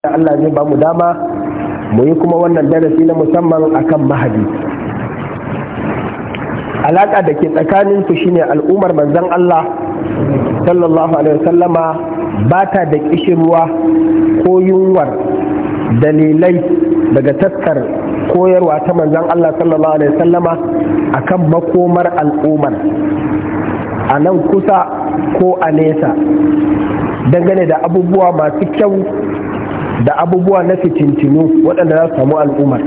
Allah zai ba mu dama mu yi kuma wannan darasi na musamman akan mahadi alaƙa da ke tsakanin su shine al'ummar manzan Allah sallallahu alaihi wasallama ba ta da kishirwa ko yunwar dalilai daga taskar koyarwa ta manzan Allah sallallahu alaihi wasallama akan makomar al'ummar a nan kusa ko a nesa dangane da abubuwa masu kyau da abubuwa na fitintinu waɗanda za su samu al'ummar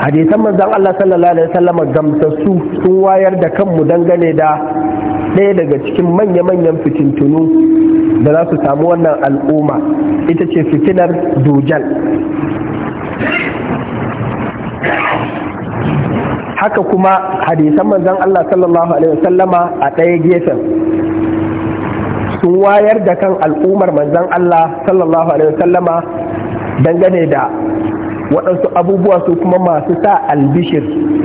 hadisan manzan Allah sallallahu alaihi wasallama gamsassu sun wayar da kanmu dangane da ɗaya daga cikin manya-manyan fitintunu da za su samu wannan al'umma ita ce fitinar dujal haka kuma hadisan manzan Allah sallallahu alaihi wasallama a ɗaya gefen sun wayar da kan al'ummar manzan Allah sallallahu alaihi wasallama dangane da waɗansu abubuwa su kuma masu sa albishir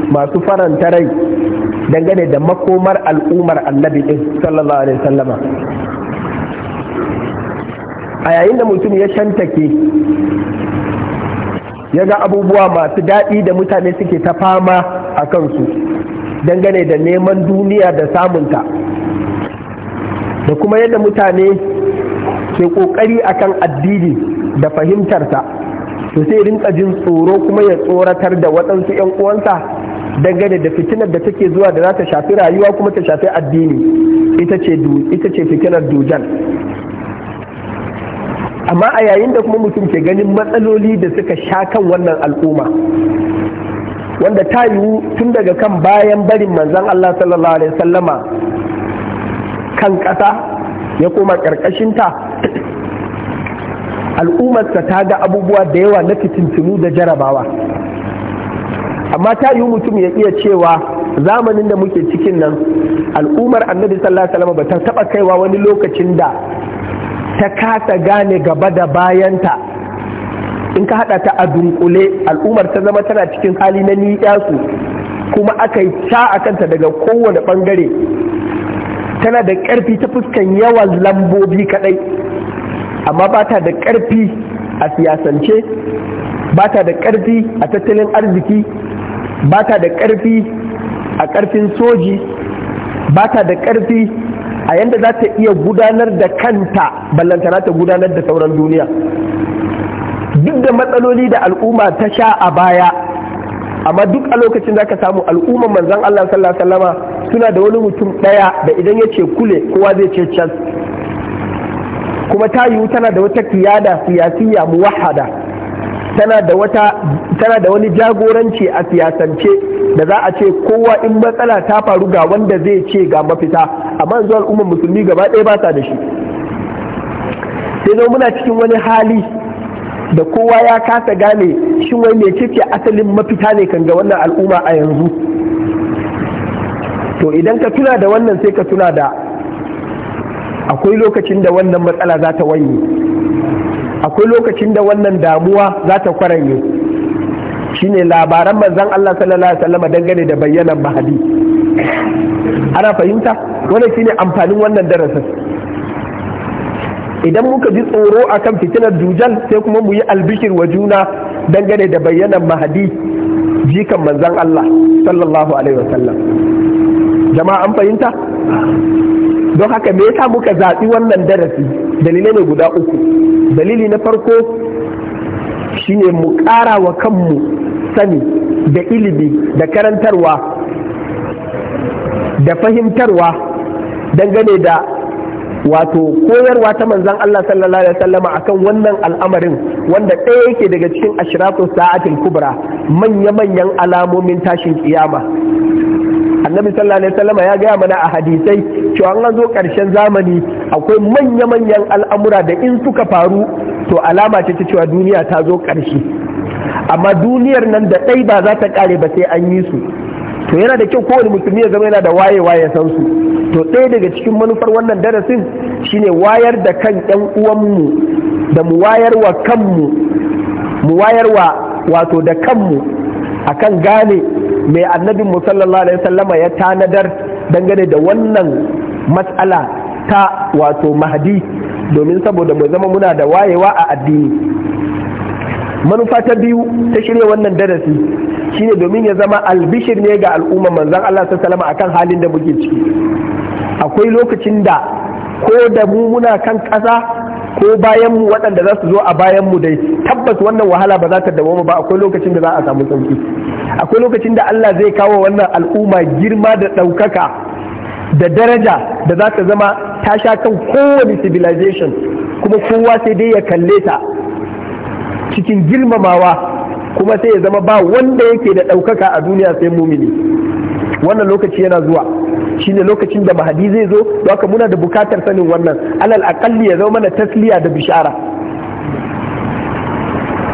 masu faranta rai dangane da makomar al'ummar annabi din sallallahu alaihi wasallama a yayin da mutum ya shantake ya ga abubuwa masu daɗi da mutane suke ta fama a kansu dangane da neman duniya da samunta da kuma yadda mutane ke kokari kan addini da fahimtarsa to sai rinka jin tsoro kuma ya tsoratar da waɗansu 'yan uwansa dangane da fitinar da take zuwa da za ta shafi rayuwa kuma ta shafi addini ita ce fitinar dujan amma a yayin da kuma mutum ke ganin matsaloli da suka sha kan wannan al'umma wanda ta yiwu tun daga kan bayan barin manzan Allah sallallahu alaihi wasallama kan ƙasa ya koma ƙarƙashinta al'ummarsa ta ga abubuwa da yawa na fitintunu da jarabawa amma ta yi mutum ya iya cewa zamanin da muke cikin nan al'ummar annabi sallallahu alaihi ba ta taba kaiwa wani lokacin da ta kasa gane gaba da bayanta in ka hada ta a dunkule al'ummar ta zama tana cikin hali na niyarsu kuma aka yi ta a kanta daga kowane bangare tana da ƙarfi ta fuskan yawan lambobi kaɗai amma ba ta da ƙarfi a siyasance ba ta da ƙarfi a tattalin arziki ba ta da ƙarfi a ƙarfin soji ba ta da ƙarfi a yadda za ta iya gudanar da kanta ballantana ta gudanar da sauran duniya duk da matsaloli da al'umma ta sha a baya amma duk a lokacin za ka samu al'umman manzan Allah sallallahu tuna da wani mutum ɗaya da idan ya ce kule kowa zai ce can kuma ta yiwu tana da wata kiyada siyasiyya muwahada tana da tana da wani jagoranci a siyasance da za a ce kowa in matsala ta faru ga wanda zai ce ga mafita amma zuwa al'ummar musulmi gaba ɗaya ba sa da shi sai zo muna cikin wani hali da kowa ya kasa gane shin wai mecece asalin mafita ne kan ga wannan al'umma a yanzu to idan ka tuna da wannan sai ka tuna da akwai lokacin da wannan matsala za ta wanye akwai lokacin da wannan damuwa za ta kwaranye shine labaran manzan Allah sallallahu alaihi wasallam dangane da bayyanan mahadi ana fahimta wannan shine amfanin wannan darasin idan muka ji tsoro akan fitinar dujal sai kuma mu yi albishir wa juna dangane da bayyanan mahadi jikan manzan Allah sallallahu alaihi wasallam jama'a an fahimta don haka me yasa muka zaɓi wannan darasi dalilai ne guda uku dalili na farko shine mu ƙara wa kanmu sani da ilimi da karantarwa da fahimtarwa dangane da wato koyarwa ta manzan Allah sallallahu alaihi wasallama akan wannan al'amarin wanda ɗaya yake daga cikin ashratu sa'atin kubra manya-manyan alamomin tashin kiyama annabi sallallahu alaihi wasallam ya gaya mana a hadisai cewa an zo karshen zamani akwai manya-manyan al'amura da in suka faru to alama ce ta cewa duniya ta zo karshe amma duniyar nan da ɗai ba za ta ƙare ba sai an yi su to yana da kyau kowane musulmi ya zama yana da wayewa ya san su to ɗaya daga cikin manufar wannan darasin shine wayar da kan ƴan uwanmu da mu wayar wa kanmu mu wayar wa wato da kanmu akan gane mai annabin musallallahu alaihi wasallama ya tanadar dangane da wannan matsala ta wato mahadi domin saboda mu zama muna da wayewa a addini manufa ta biyu ta shirya wannan darasi shine domin ya zama albishir ne ga al'umma manzon Allah sallallahu alaihi akan halin da muke ciki akwai lokacin da ko da mu muna kan ƙasa ko bayan mu waɗanda za su zo a bayan mu dai tabbas wannan wahala ba za ta dawo ba akwai lokacin da za a samu sauki akwai lokacin da Allah zai kawo wannan al'umma girma da ɗaukaka da daraja da za ta zama ta sha kan kowane civilization kuma kowa sai dai ya kalle ta cikin girmamawa kuma sai ya zama ba wanda yake da ɗaukaka a duniya sai mumini wannan lokaci yana zuwa shine lokacin da mahadi zai zo don muna da bukatar sanin wannan alal aqalli ya zo mana tasliya da bishara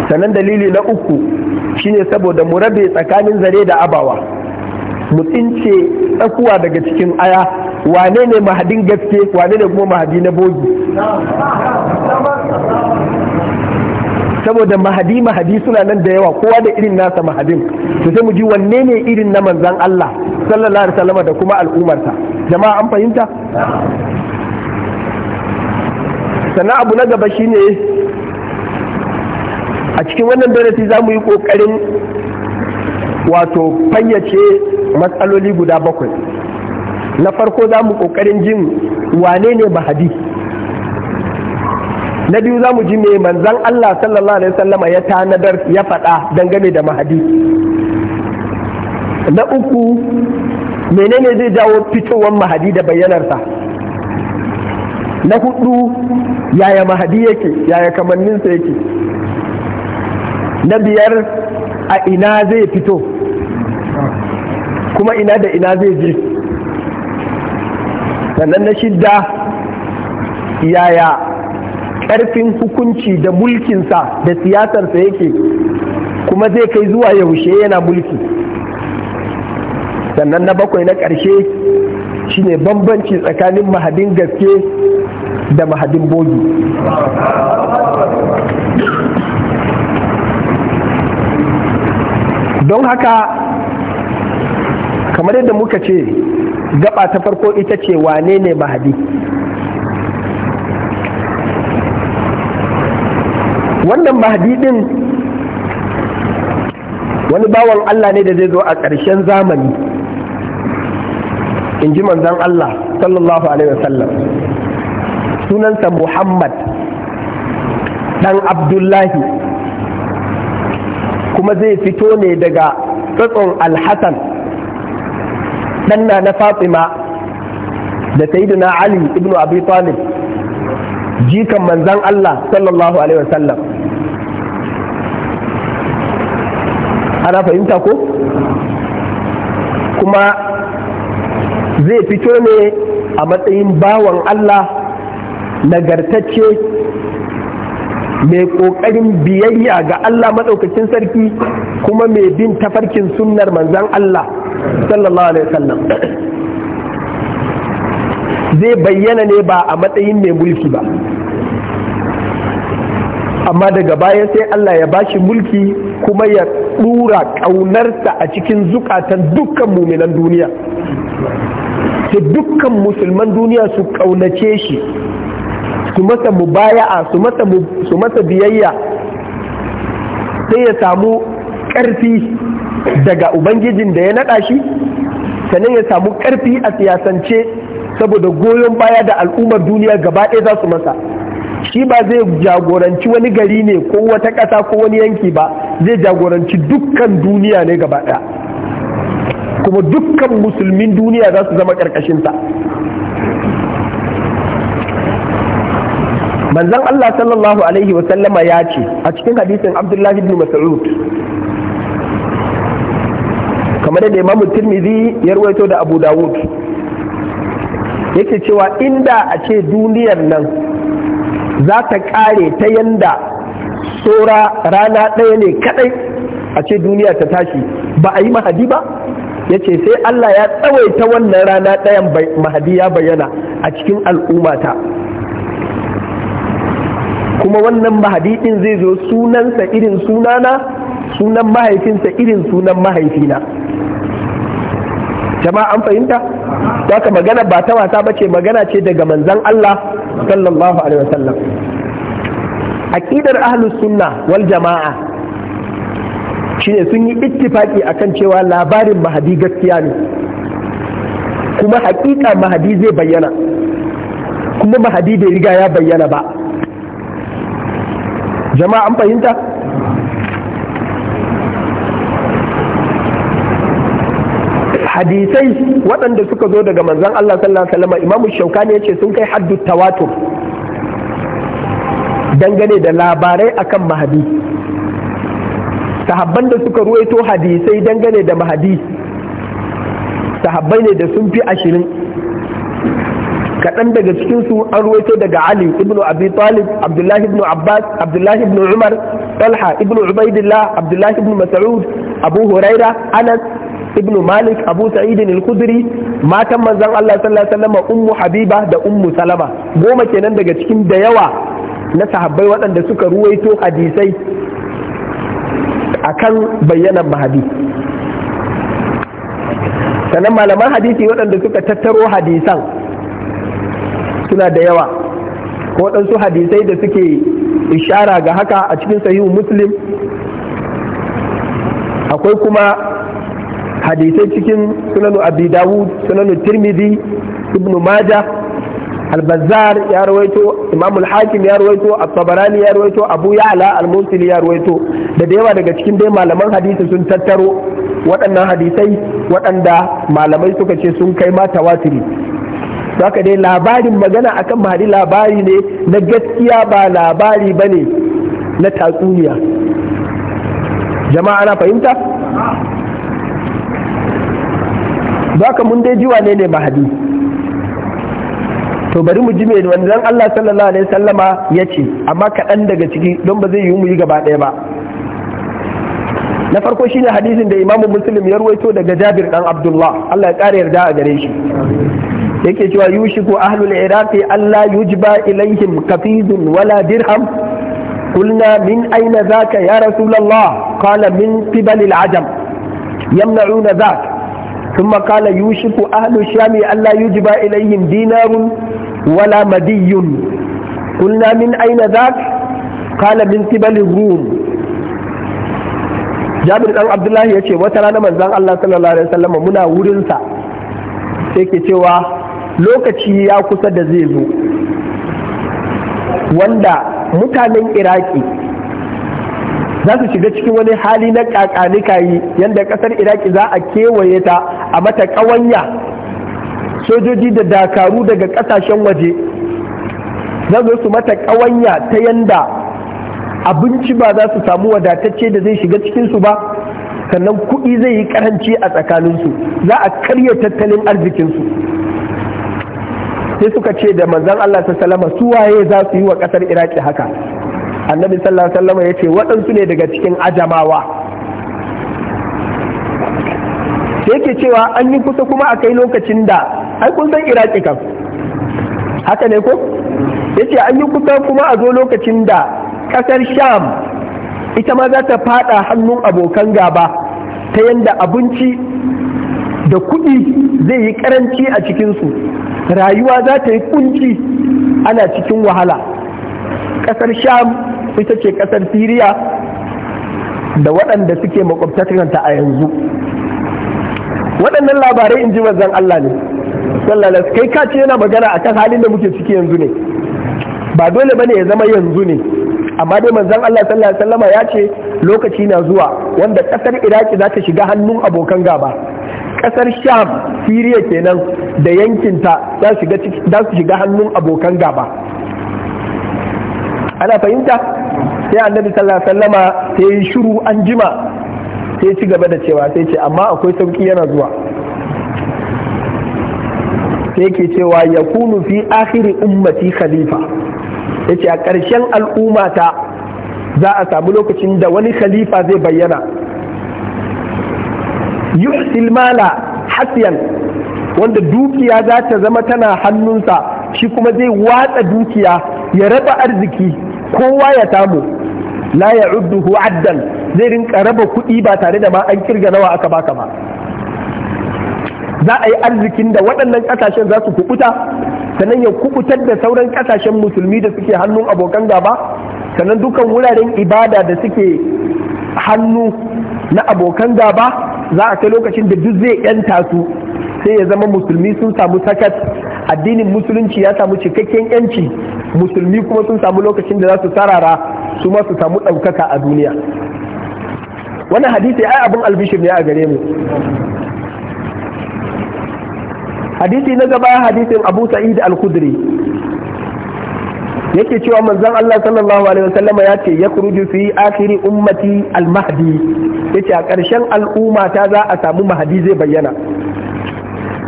sannan dalili na uku shine saboda mu rabe tsakanin zare da abawa mu tsince tsakuwa daga cikin aya wane ne mahadin gaske wane ne kuma mahadi na bogi saboda mahadi mahadi suna nan da yawa kowa da irin nasa mahadin to sai mu ji wanne ne irin na manzan Allah sallallahu alaihi wasallam da kuma al'ummarsa jama'a an fahimta sannan abu na gaba shine a cikin wannan darasi za mu yi kokarin wato fayyace matsaloli guda bakwai na farko za mu kokarin jin wane ne mahadi na biyu za mu ji me manzan Allah sallallahu alaihi wasallam ya tanadar ya faɗa dangane da mahadi na uku menene zai jawo fitowar mahadi da bayyanarsa na hudu yaya mahadi yake yaya kamanninsa yake na biyar a ina zai fito kuma ina da ina zai je sannan na shidda yaya ƙarfin hukunci da mulkinsa da siyasarsa yake kuma zai kai zuwa yaushe yana mulki sannan na bakwai na ƙarshe shine bambanci tsakanin mahadin gaske da mahadin bogi don haka kamar yadda muka ce gaba ta farko ita ce wane ne mahadi wannan mahdi din wani bawan Allah ne da zai zo a ƙarshen zamani in ji manzan Allah sallallahu alaihi wasallam sunansa Muhammad ɗan Abdullahi kuma zai fito ne daga tsatson Alhassan Ɗan na Fatima da Sayyidina Ali ibn Abi Talib jikan manzan Allah sallallahu alaihi wasallam ana fahimta ko kuma zai fito ne a matsayin bawan Allah nagartacce mai ƙoƙarin biyayya ga Allah maɗaukacin sarki kuma mai bin tafarkin sunnar manzan Allah sallallahu alaihi wasallam zai bayyana ne ba a matsayin mai mulki ba amma daga baya sai Allah ya bashi mulki kuma ya ɗura ƙaunarsa a cikin zukatan dukkan muminan duniya su dukkan musulman duniya su ƙaunace shi su masa mubaya'a su masa biyayya sai ya samu ƙarfi daga ubangijin da ya naɗa shi sannan ya samu ƙarfi a siyasance saboda goyon baya da al'ummar duniya gaba ɗaya za su masa shi ba zai jagoranci wani gari ne ko wata ƙasa ko wani yanki ba zai jagoranci dukkan duniya ne gaba ɗaya kuma dukkan musulmin duniya za su zama ta manzon Allah sallallahu alaihi wasallama ya ce a cikin hadisin Abdullahi ibn Mas'ud kamar da imamu Tirmidhi ya Yarwaito da Abu Dawud yake cewa inda a ce duniyar nan za ta kare ta yanda tsora rana ɗaya ne kaɗai a ce duniya ta tashi ba a yi mahadi ba ya ce sai Allah ya tsawaita wannan rana ɗayan mahadi ya bayyana a cikin al'ummata kuma wannan mahadi ɗin zai zo sunansa irin sunana sunan mahaifinsa irin sunan mahaifina jama'a an fahimta ka magana ba ta wasa ba ce magana ce daga manzan Allah sallallahu alaihi wasallam aqidar ahlus sunna wal jama'a shine sun yi ittifaki akan cewa labarin mahadi gaskiya ne kuma hakika mahadi zai bayyana kuma mahadi bai riga ya bayyana ba jama'a an fahimta hadisai waɗanda suka zo daga manzan Allah sallallahu alaihi wasallam imamu ne ce sun kai haddu tawatur dangane da labarai akan mahadi sahabban da suka ruwaito hadisai dangane da mahadi sahabbai ne da sun fi ashirin kaɗan daga cikinsu an ruwaito daga ali ibn abi talib abdullahi ibnu abbas abdullahi ibnu umar talha ibn ubaidillah abdullahi ibnu mas'ud abu huraira anas ibnu malik abu sa'id al-khudri matan manzon Allah sallallahu alaihi wasallam ummu habiba da ummu salama goma kenan daga cikin da yawa na sahabbai waɗanda suka ruwaito hadisai kan bayyanan mahadi sannan malaman hadisi waɗanda suka tattaro hadisan suna da yawa ko waɗansu hadisai da suke ishara ga haka a cikin sahihu muslim akwai kuma hadisai cikin sunanu abi dawud sunanu tirmidhi ibn majah البزار يا ya rawaito imam al-hakim ya rawaito رويتو ابو ya rawaito abu رويتو al ديوا ya rawaito da daga cikin dai malaman hadisi sun tattaro waɗannan hadisai waɗanda malamai suka ce sun kai ma tawatiri zaka dai labarin magana akan mahadi labari ne na gaskiya ba labari bane na tatsuniya jama'a na fahimta zaka mun dai jiwa ne ne mahadi to bari mu ji me wannan Allah sallallahu alaihi yace ya ce amma kaɗan daga ciki don ba zai yi mu yi gaba ɗaya ba na farko shine hadisin da imamu muslim ya ruwaito daga jabir dan abdullah Allah ya ƙara yarda a gare shi yake cewa yushiku ahlul iraki Allah yujba ilaihim kafizun wala dirham aina za ka ya يا kala min min من قبل العجم يمنعون za. ثم قال يوشك أهل الشام ألا يجب إليهم دينار ولا مدي قلنا من أين ذاك قال من قبل الروم jabir ɗan abdullahi ya ce wata rana manzan allah sallallahu alaihi wasallam muna wurinsa sai ke cewa lokaci ya kusa da zai zo wanda mutanen iraki za su shiga cikin wani hali na kakanikayi yadda ƙasar iraki za a kewaye ta a mata ƙawanya sojoji da dakaru daga ƙasashen waje za zo su mata ƙawanya ta yanda abinci ba za su samu wadatacce da zai shiga cikinsu ba sannan kuɗi zai yi ƙaranci a tsakaninsu za a karya tattalin arzikinsu sai suka ce da manzan Allah ta salama su waye za su yi wa ƙasar iraki haka annabi sallallahu alaihi ya ce waɗansu ne daga cikin ajamawa da yake cewa an yi kusa kuma a kai lokacin da ai kun san iraki kan haka ne ko yace an yi kusa kuma a zo lokacin da kasar sham ita ma za ta fada hannun abokan gaba ta yadda abinci da kuɗi zai yi karanci a cikinsu rayuwa za ta yi kunci ana cikin wahala kasar sham ita ce kasar siriya da waɗanda suke makwabtakanta a yanzu waɗannan labarai in ji manzon Allah ne sallallahu kai ka ce yana magana akan halin da muke ciki yanzu ne ba dole bane ya zama yanzu ne amma dai manzon Allah sallallahu alaihi ya ce lokaci na zuwa wanda ƙasar Iraki za ta shiga hannun abokan gaba Ƙasar Sham Siriya kenan da yankinta za su shiga hannun abokan gaba ana fahimta sai annabi sallallahu alaihi wasallama sai shiru an jima sai ci gaba da cewa sai ce amma akwai sauki yana zuwa sai ke cewa ya kunu fi akhiri ummati khalifa ya ce a ƙarshen al'ummata za a samu lokacin da wani khalifa zai bayyana yuhsil mala hasiyan wanda dukiya za ta zama tana hannunsa shi kuma zai watsa dukiya ya raba arziki kowa ya samu la ya'udduhu addan zai rinka raba kuɗi ba tare da ma an kirga nawa aka baka ba za a yi arzikin da waɗannan ƙasashen za su kubuta sannan ya kubutar da sauran ƙasashen musulmi da suke hannun abokan gaba sannan dukan wuraren ibada da suke hannu na abokan gaba za a kai lokacin da duk zai yanta su sai ya zama musulmi sun samu sakat addinin musulunci ya samu cikakken yanci musulmi kuma sun samu lokacin da za su sarara su ma su samu ɗaukaka a duniya wannan hadisi ai abin albishir ne a gare mu hadisi na gaba hadisin abu sa'id al-khudri yake cewa manzon Allah sallallahu alaihi ya ce ya kuruju fi akhiri ummati al-mahdi yace a ƙarshen al'umma ta za a samu mahdi zai bayyana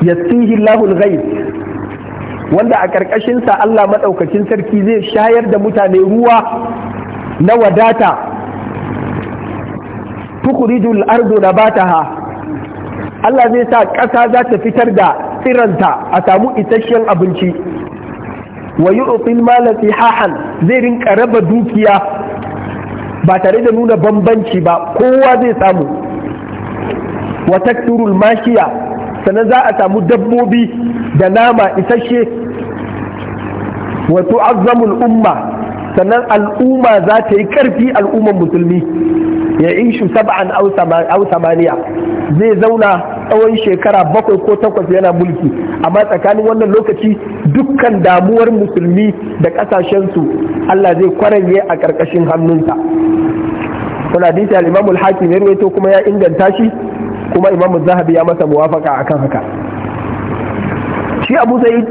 yasihi Allahu al wanda a ƙarƙashin sa Allah madaukakin sarki zai shayar da mutane ruwa na wadata tukurijul ardu nabataha Allah zai sa ƙasa za ta fitar da tsiranta a samu isasshen abinci wa yu'til mala hahan zai rinka raba dukiya ba tare da nuna bambanci ba kowa zai samu wa takturul mashiya sannan za a samu dabbobi da nama isasshe wato azzamul umma sannan al'umma za ta yi karfi al'umman musulmi ya inshu sab'an aw samaniya zai zauna tsawon shekara bakwai ko takwas yana mulki amma tsakanin wannan lokaci dukkan damuwar musulmi da kasashensu Allah zai kwaranye a ƙarƙashin hannunsa kuna hadisi al-imamul hakim ya ruwaito kuma ya inganta shi kuma Imam zahabi ya masa muwafaka akan haka shi abu sai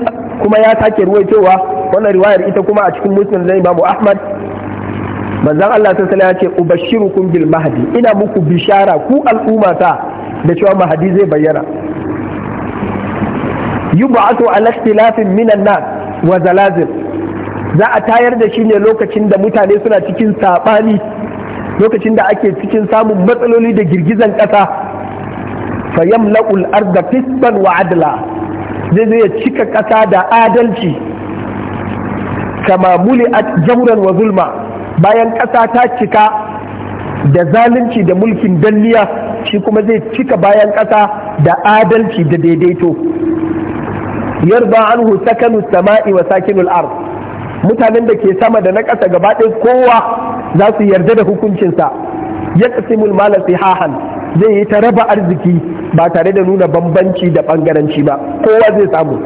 kuma ya sake ruwaitowa wannan riwayar ita kuma a cikin muslim na imamu ahmad manzon Allah ta ya ce ubashirukum bil mahdi ina muku bishara ku al'umma ta da cewa mahdi zai bayyana yub'athu ala ikhtilafin minan nas wa zalazil za a tayar da shi ne lokacin da mutane suna cikin sabani lokacin da ake cikin samun matsaloli da girgizan ƙasa fayamla'ul arda fisban wa adla zai zai cika ƙasa da adalci kama muli'at jauran wa zulma bayan ƙasa ta cika da zalunci da mulkin danniya shi kuma zai cika bayan ƙasa da adalci da daidaito yarda anhu sakanu sama'i wa sakinul ard mutanen da ke sama da na ƙasa gaba kowa za su yarda da hukuncinsa ya qasimul mala sihahan zai yi ta raba arziki ba tare da nuna bambanci da ɓangaranci ba kowa zai samu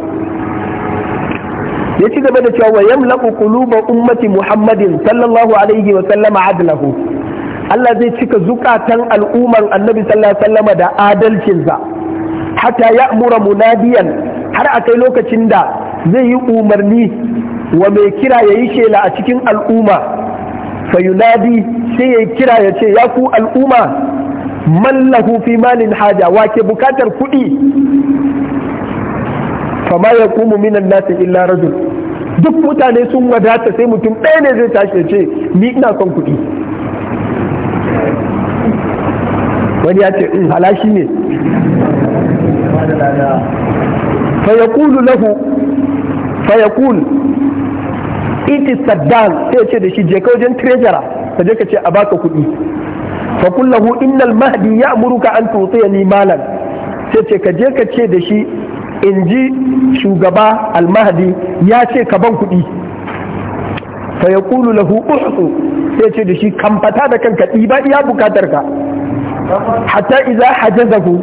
ya ci gaba da cewa wa yamlaku quluba ummati muhammadin sallallahu alaihi wa sallama adlahu Allah zai cika zukatan al'ummar annabi sallallahu alaihi sallama da adalcinsa hatta ya'mura munadiyan har a kai lokacin da zai yi umarni wa mai kira ya yi shela a cikin al'umma fayunadi sai ya kira ya ce ya ku al'umma mallahu fi malin haja wake bukatar kuɗi fama ya kumu minan nasi illa rajul duk mutane sun wadata sai mutum ɗaya ne zai tashi ce ni ina son kuɗi wani ya ce in mm, halashi ne fayakulu lahu fayakul iti saddan sai ce da shi je ka wajen trejara ka je ka ce a baka kuɗi fa kullahu innal mahdi ya'muruka an tutiya ni malan sai ce ka je ka ce da shi in ji shugaba almahdi ya ce ka ban kuɗi fa ya ƙulu lahu uhsu sai ce da shi kamfata da kanka ɗiba iya bukatar ka hatta iza hajazahu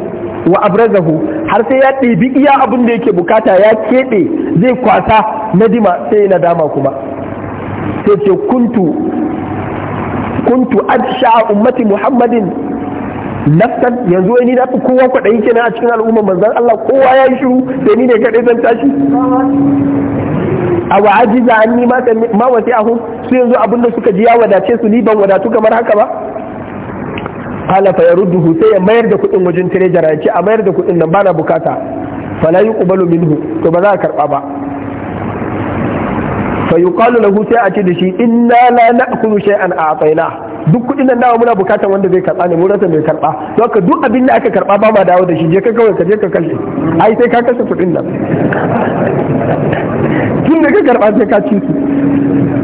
wa abrazahu har sai ya ɗebi iya abin da yake bukata ya keɓe zai kwasa nadima sai na dama kuma sai ce kuntu kuntu adsha ummati muhammadin naftan yanzu wai ni na fi kowa kwaɗayi kenan a cikin al'umma manzan Allah kowa ya yi shiru sai ni ne kaɗai zan tashi a wa'ajiza an ni ma wasi ahu su yanzu abunda suka ji ya wadace su ni ban wadatu kamar haka ba qala fa yarudduhu sai ya mayar da kuɗin wajen treasurer ya ce a mayar da kuɗin nan bana bukata fala yuqbalu minhu to ba za a karba ba fa yuqalu lahu sai a ce da shi inna la na'kulu shay'an a'tayna duk kuɗin nan nawa muna bukatan wanda zai karɓa ne mu rasa mai karɓa to ka duk abin da aka karɓa ba ma dawo da shi je ka kawai ka je ka kashe ai sai ka kashe kuɗin nan tun da ka karɓa sai ka ci su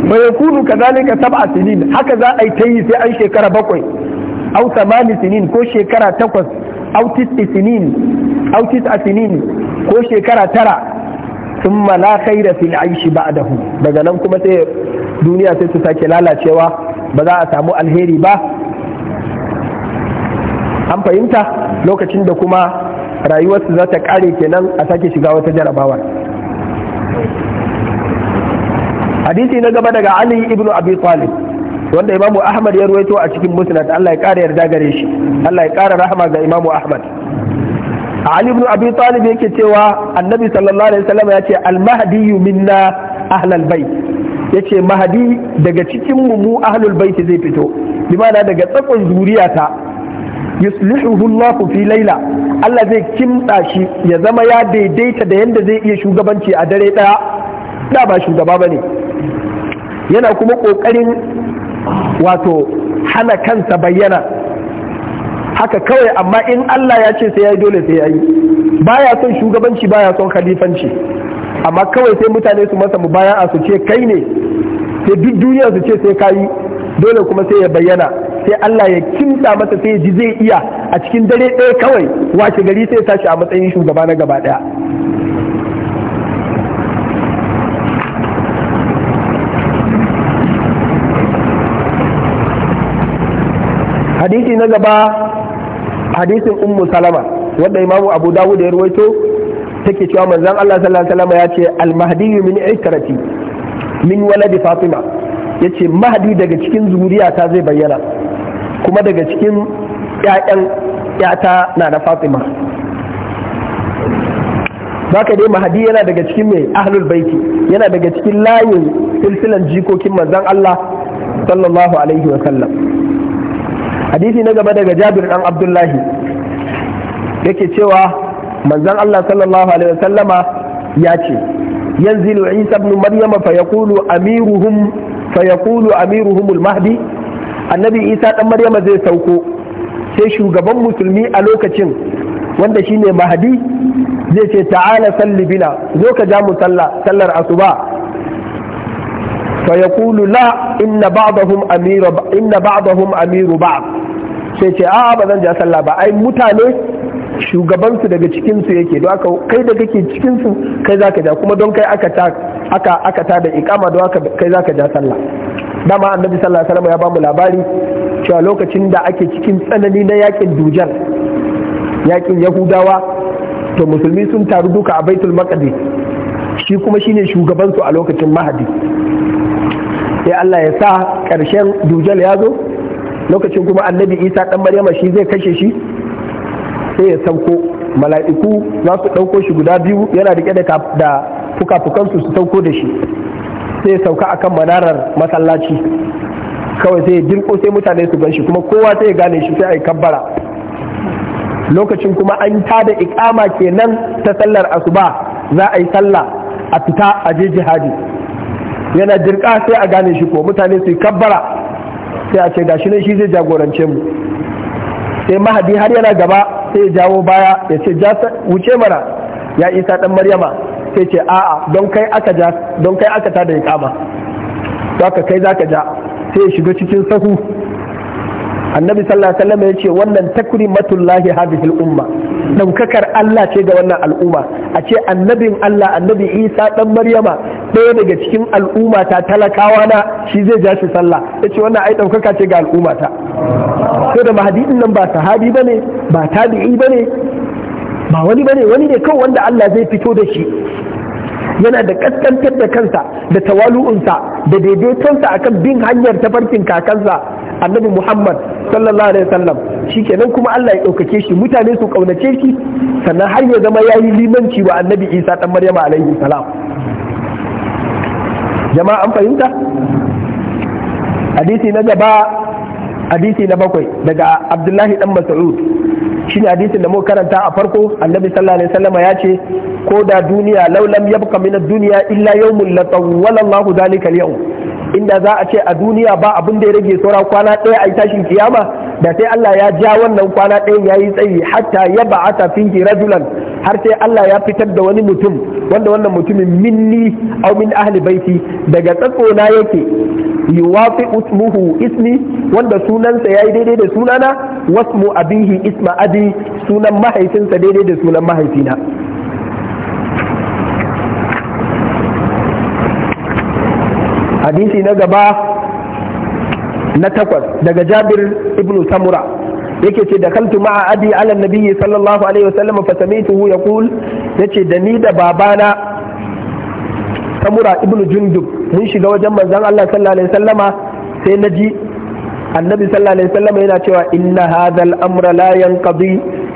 ba ya kunu ka zalika sab'a sinin haka za a yi ta yi sai an shekara bakwai au samani sinin ko shekara takwas au a sinin au tis'a sinin ko shekara tara thumma la khayra fil aishi dahu. daga nan kuma sai duniya sai su sake lalacewa ba za a samu alheri ba an fahimta lokacin da kuma rayuwarsu za ta kare ke nan a sake shiga wata jarabawar hadisi na gaba daga ali ibn abi talib wanda imamu ahmad ya ruwaito a cikin musnad Allah ya kara yarda gare shi Allah ya kara rahama ga imamu ahmad ali ibn abi talib yake cewa annabi sallallahu alaihi wasallam ya ce al-mahdi minna ahlal bait yace mahadi daga cikin mu mu ahlul baiti zai fito bi ma'ana daga tsakon zuriyata yuslihu Allah fi laila Allah zai kimtsa shi ya zama ya daidaita da yanda zai iya shugabanci a dare daya da ba shugaba bane yana kuma kokarin wato hana kansa bayyana haka kawai amma in Allah ya ce sai ya yi dole sai ya yi baya son shugabanci baya son khalifanci amma kawai sai mutane su masa mu bayan a su ce kai ne sai duk duniya su ce sai kayi dole kuma sai ya bayyana sai Allah ya kinta masa sai ya ji zai iya a cikin dare ɗaya kawai washe gari sai tashi a matsayin shugaba na gaba ɗaya hadisi na gaba hadisin ummu salama wanda imamu abu dawud ya ruwaito take cewa manzon Allah sallallahu alaihi wasallam ya ce al-mahdi min ikrati min waladi fatima yace mahadi daga cikin zuriya ta zai bayyana kuma daga cikin 'ya'yan 'yata na na fatima baka dai mahadi yana daga cikin mai ahlul baiti yana daga cikin layin silsilan jikokin Manzan Allah sallallahu alaihi wa sallam hadisi na gaba daga Jabir ɗan Abdullahi yake cewa Manzan Allah sallallahu alaihi wa ya ce Yanzu isa ibn maryam fa yaqulu amiruhum fa mahdi annabi isa dan maryama zai sauko sai shugaban musulmi a lokacin wanda shine mahdi zai ce ta'ala salli bina zo ka ja mu sallah sallar asuba fa yaqulu la inna ba'dahum amiru ba ba'dahum amiru ba'd sai ce a'a ba zan ja sallah ba ai mutane shugabansu daga cikinsu yake don aka kai da kake cikinsu kai ka ja kuma don kai aka ta da ikama don aka kai ka ja sallah dama annabi sallallahu alaihi wasallam ya bamu labari cewa lokacin da ake cikin tsanani na yakin dujar yakin yahudawa to musulmi sun taru duka a baitul maqdis shi kuma shine shugabansu a lokacin mahadi sai Allah ya sa ƙarshen dujal ya zo lokacin kuma annabi isa ɗan maryama shi zai kashe shi sai ya sauko mala'iku za su ɗauko shi guda biyu yana rike da fuka-fukansu su sauko da shi sai ya sauka kan manarar masallaci kawai sai ya dirko sai mutane su gan shi kuma kowa sai ya gane shi sai a yi kabbara lokacin kuma an ta da ikama kenan ta sallar asuba za a yi sallah a fita a je jihadi yana dirka sai a gane shi ko mutane su yi kabbara sai a ce gashi ne shi zai jagorance mu sai mahadi har yana gaba sai ya jawo baya ya ce wuce mara ya isa dan maryama sai ce a'a don kai aka ja don kai aka tada iqama aka kai zaka ja sai ya shiga cikin sahu annabi sallallahu alaihi wasallam ya ce wannan takrimatullahi hadhihi al-umma daukakar Allah ce ga wannan al'umma a ce annabin Allah annabi Isa dan Maryama ɗaya daga cikin al'ummata talakawa na shi zai ja shi sallah ya ce wannan ai ɗaukaka ce ga al'ummata ko da mahadin nan ba sahabi ne ba tabi'i ba ne ba wani ba ne wani ne kawai wanda Allah zai fito da shi yana da kaskantar da kansa da tawalu'unsa da daidaitonsa kan bin hanyar tafarkin kakansa annabi Muhammad sallallahu alaihi wasallam shikenan kuma Allah ya ɗaukake shi mutane su ƙaunace shi sannan har ya zama ya yi limanci wa annabi Isa ɗan Maryam alaihi salam jama'a an fahimta hadisi na gaba hadisi na bakwai daga abdullahi dan mas'ud shine hadisin da muka karanta a farko annabi sallallahu alaihi wasallam ya ce ko da duniya laulam yabqa min ad-dunya illa yawmul la tawwala Allahu dhalika al-yawm inda za a ce a duniya ba abin da ya rage saura kwana ɗaya a tashin kiyama da sai Allah ya ja wannan kwana ɗaya ya yi tsayi hatta ya ba'ata fihi rajulan har sai Allah ya fitar da wani mutum wanda wannan mutumin minni au min ahli baiti daga tsatsona yake yuwafi usmuhu ismi wanda sunansa yayi daidai da sunana wasmu abihi isma abi sunan mahaifinsa daidai da sunan mahaifina hadisi na gaba na takwas daga jabir ibn samura yake ce da kaltu ma'a abi ala nabiyyi sallallahu alaihi wasallam fa sami'tuhu yaqul yace da ni da babana samura ibn jundub mun shiga wajen manzon Allah sallallahu alaihi wasallama sai naji annabi sallallahu alaihi wasallama yana cewa inna hadha amra la yanqadi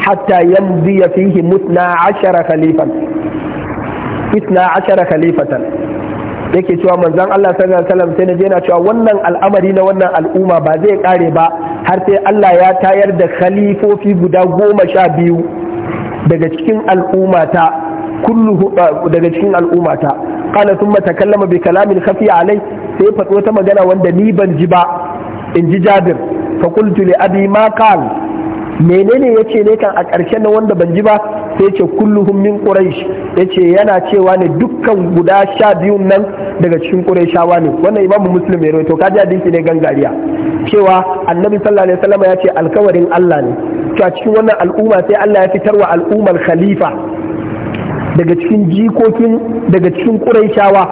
hatta yamdi fihi mutna ashara khalifan 12 khalifatan yake cewa manzon Allah sallallahu alaihi wasallam sai na je na cewa wannan al'amari na wannan al'umma ba zai kare ba har sai Allah ya tayar da khalifofi guda goma sha biyu daga cikin ta kullu daga cikin ta qala thumma takallama bi kalamin khafi alai sai faɗi ta magana wanda ni ban ji ba in ji Jabir fa qultu li abi ma qal menene yace ne kan a na wanda ban ji ba sai ce kulluhum min quraish yace yana cewa ne dukkan guda sha biyun nan daga cikin quraishawa ne wannan imamu muslim ya rawaito kaji hadisi ne gangariya cewa annabi sallallahu alaihi wasallam ya ce alkawarin Allah ne To a cikin wannan al'umma sai Allah ya fitar wa al'ummar khalifa daga cikin jikokin daga cikin quraishawa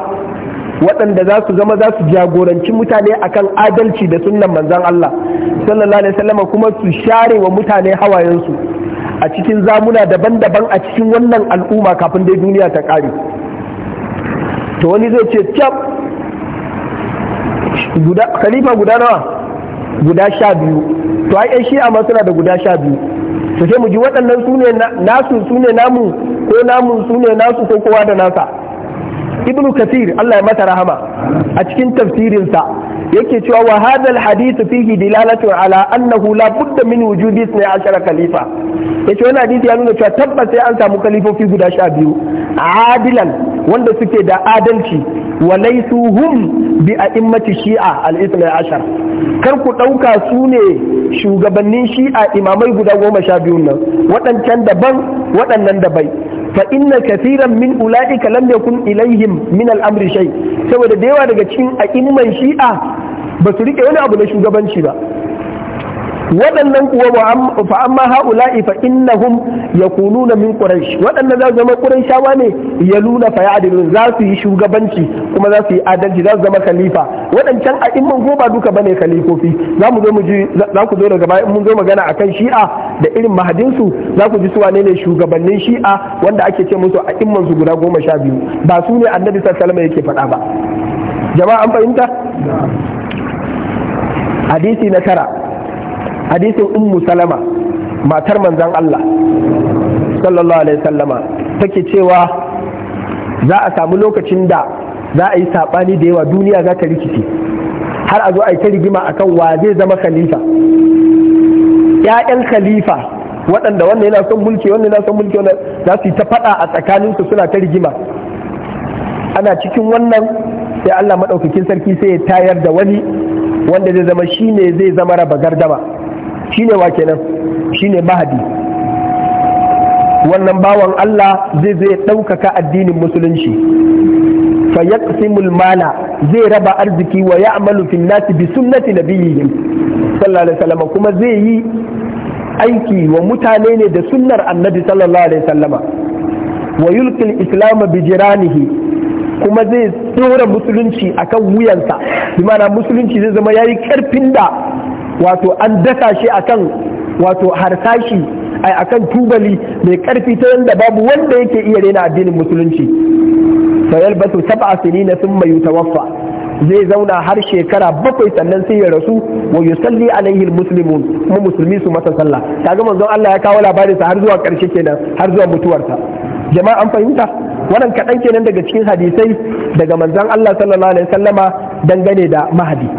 waɗanda za su zama za su jagoranci mutane akan adalci da sunnan manzan Allah sallallahu alaihi wasallam kuma su share wa mutane hawayensu a cikin zamuna daban-daban a cikin wannan al'umma kafin dai duniya ta ƙare to wani zai ce cap khalifa guda nawa guda sha biyu to ai shi a masana da guda sha biyu to sai mu ji waɗannan su ne nasu su ne namu ko namu su ne nasu ko kowa da nasa ibnu kathir Allah ya mata rahama a cikin tafsirinsa yake cewa wa hadal hadithu fihi dilalatu ala annahu la budda min wujudi 12 khalifa yace wannan hadisi ya nuna cewa tabbas sai an samu khalifofi guda sha biyu adilan wanda suke da adalci wa laysu hum bi a'immati shi'a al-ithna ashar kar ku dauka su ne shugabannin shi'a imamai guda goma nan waɗancan daban waɗannan dabai fa inna kathiran min ulaika lam yakun ilaihim min al-amri shay saboda da yawa daga cikin a'imman shi'a ba su rike wani abu na shugabanci ba waɗannan kuwa fa amma ha'ula'i fa innahum yakununa min quraish waɗannan za su zama qurayshawa ne yaluna fa ya'dilun za su yi shugabanci kuma za su yi adalci za su zama khalifa waɗancan a ko ba duka bane khalifofi za mu zo mu ji za ku in mun zo magana akan shi'a da irin mahadinsu za ku ji su wane ne shugabannin shi'a wanda ake ce musu a imman su guda goma sha biyu ba su ne annabi sassalama yake faɗa ba jama'a an fahimta hadisi na tara hadisin ummu salama matar manzan Allah sallallahu alaihi sallama take cewa za a samu lokacin da za a yi saɓani da yawa duniya za ta rikice har a zo a yi ta rigima akan wa zai zama khalifa 'ya'yan khalifa waɗanda wanda yana son mulki wanda yana son mulki wanda za su yi ta faɗa a tsakaninsu suna ta rigima ana cikin wannan sai Allah maɗaukakin sarki sai ya tayar da wani wanda zai zama shi ne zai zama raba gardama shi ne wa kenan shi ne mahadi wannan bawan Allah zai zai ɗaukaka addinin musulunci fa yaqsimul mala zai raba arziki wa ya'malu fil nasi bi sunnati nabiyihim sallallahu alaihi wasallam kuma zai yi aiki wa mutane ne da sunnar annabi sallallahu alaihi sallama wa yulkil islam bi jiranihi kuma zai tsora musulunci akan wuyansa bimana musulunci zai zama yayi karfin da wato an dasa shi akan wato harsashi ai akan tubali mai karfi ta yanda babu wanda yake iya rena addinin musulunci fa yalbasu sab'a sinina thumma yutawaffa zai zauna har shekara bakwai sannan sai ya rasu wa yusalli alaihi almuslimun kuma musulmi su masa sallah kaga manzon Allah ya kawo labarinsa har zuwa karshe kenan har zuwa mutuwarsa jama'a an fahimta wannan kaɗan kenan daga cikin hadisai daga manzon Allah sallallahu alaihi wasallama dangane da mahadi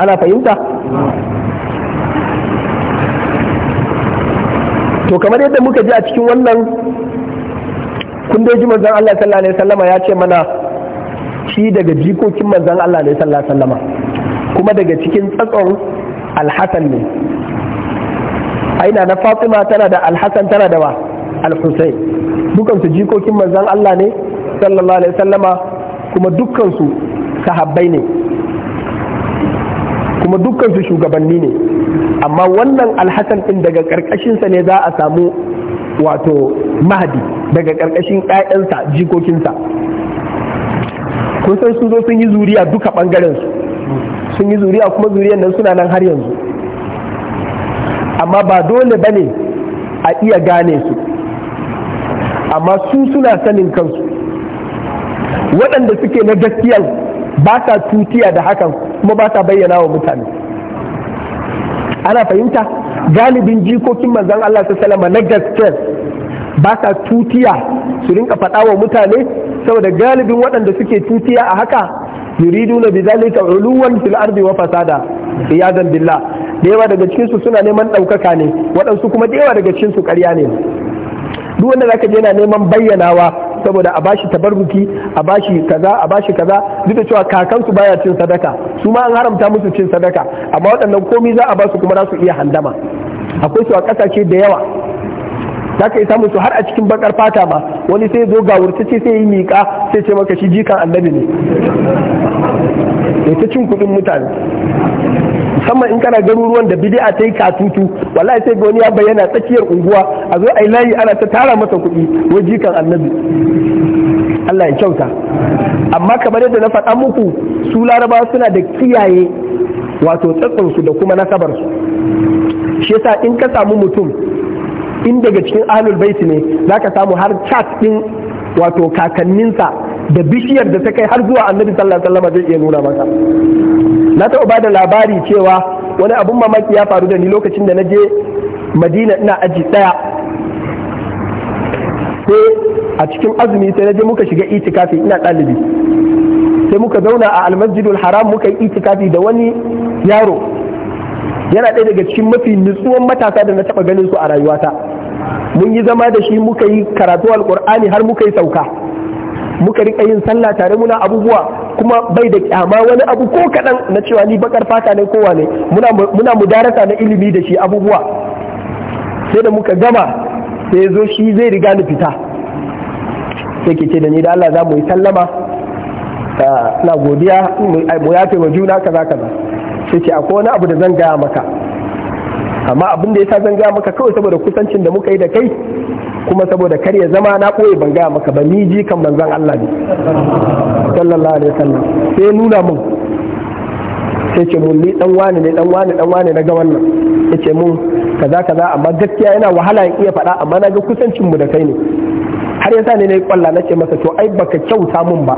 ana fahimta to kamar yadda muka ji a cikin wannan kun dai ji manzon Allah sallallahu alaihi wasallama ya ce mana shi daga jikokin manzan Allah ne sallallahu sallama kuma daga cikin tsatson alhassan ne aina na fatima tana da alhassan tana da wa alhussein dukansu jikokin manzan Allah ne sallallahu alaihi sallama kuma dukansu sahabbai ne kuma dukansu shugabanni ne amma wannan alhassan din daga karkashinsa ne za a samu wato mahadi daga karkashin 'ya'yansa jikokinsa kun san su zo sun yi zuriya duka bangaren su sun yi zuriya kuma zuriyan nan suna nan har yanzu amma ba dole ba ne a iya gane su amma su suna sanin kansu waɗanda suke na gaskiya ba sa tutiya da hakan kuma ba sa bayyana wa mutane ana fahimta galibin jikokin manzan Allah ta salama na gaskiya ba sa tutiya su rinka faɗa wa mutane saboda galibin waɗanda suke tutiya a haka na bizali ta uluwan fil ardi wa fasada iyadan billah da yawa daga cikinsu suna neman ɗaukaka ne waɗansu kuma da yawa daga cikin su ƙarya ne duk wanda zaka je yana neman bayyanawa saboda a bashi tabarruki a bashi kaza a bashi kaza duk da cewa kakansu baya cin sadaka su ma an haramta musu cin sadaka amma waɗannan komi za a basu kuma za su iya handama akwai su a ƙasashe da yawa za ka yi samun su har a cikin bakar fata ba wani sai zo ga wurtace sai yi miƙa sai ce maka shi jikan annabi ne da ta cin kuɗin mutane musamman in kana garuruwan da bidi'a ta yi katutu wallahi sai wani ya bayyana tsakiyar unguwa a zo a yi layi ana ta tara masa kuɗi wai jikan annabi Allah ya kyauta amma kamar yadda na faɗa muku su laraba suna da kiyaye wato su da kuma nasabarsu shi yasa in ka samu mutum in daga cikin ahlul baiti ne zaka samu har chat ɗin wato kakanninsa da bishiyar da ta kai har zuwa annabi sallallahu alaihi wasallam zai iya nuna maka na taɓa ba da labari cewa wani abun mamaki ya faru da ni lokacin da na je madina ina aji ɗaya sai a cikin azumi sai na je muka shiga itikafi ina ɗalibi sai muka zauna a almasjidul haram muka yi itikafi da wani yaro yana ɗaya daga cikin mafi nutsuwan matasa da na taɓa ganin su a rayuwata mun yi zama da shi muka yi karatu alkur'ani har muka yi sauka muka rika yin sallah tare muna abubuwa kuma bai da kyama wani abu ko kaɗan na cewa ni bakar fata ne kowa ne muna mudarasa na ilimi da shi abubuwa sai da muka gama sai zo shi zai riga ni fita sai ke ce da ni da Allah za mu yi sallama na godiya mu yafe wa juna kaza kaza sai ce akwai wani abu da zan gaya maka amma abin da sa zan gaya maka kawai saboda kusancin da muka yi da kai kuma saboda kar ya zama na ɓoye ban gaya maka ba ni ji kan manzan Allah ne sallallahu alaihi wasallam sai nuna mun sai ce mun ni dan wani ne dan wani dan wani na ga wannan yace mun kaza kaza amma gaskiya yana wahala in iya faɗa amma na ga kusancin mu da kai ne har yasa ne nayi kwalla nace masa to ai baka kyauta mun ba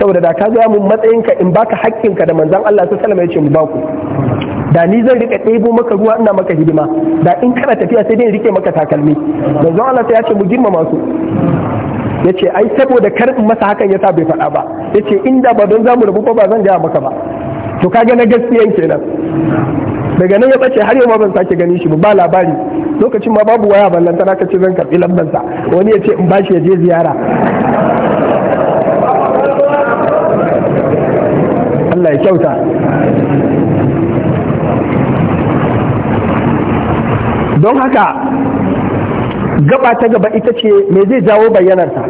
saboda da ka ga mun matsayinka in baka haƙƙinka da manzan Allah sallallahu alaihi wasallam yace mu ku. da ni zan rika ɗebo maka ruwa ina maka hidima da in kana tafiya sai dai rike maka takalmi manzon Allah ya ce mu girmama su yace ai saboda kar in masa hakan yasa bai faɗa ba yace inda ba don zamu rubu ba zan gaya maka ba to kaga na gaskiyan kenan daga nan ya bace har yau ma ban sake gani shi ba labari lokacin ma babu waya ballan tana kace zan karbi sa wani yace in bashi ya je ziyara Allah ya kyauta don haka gaba ta gaba ita ce me zai jawo bayyanarta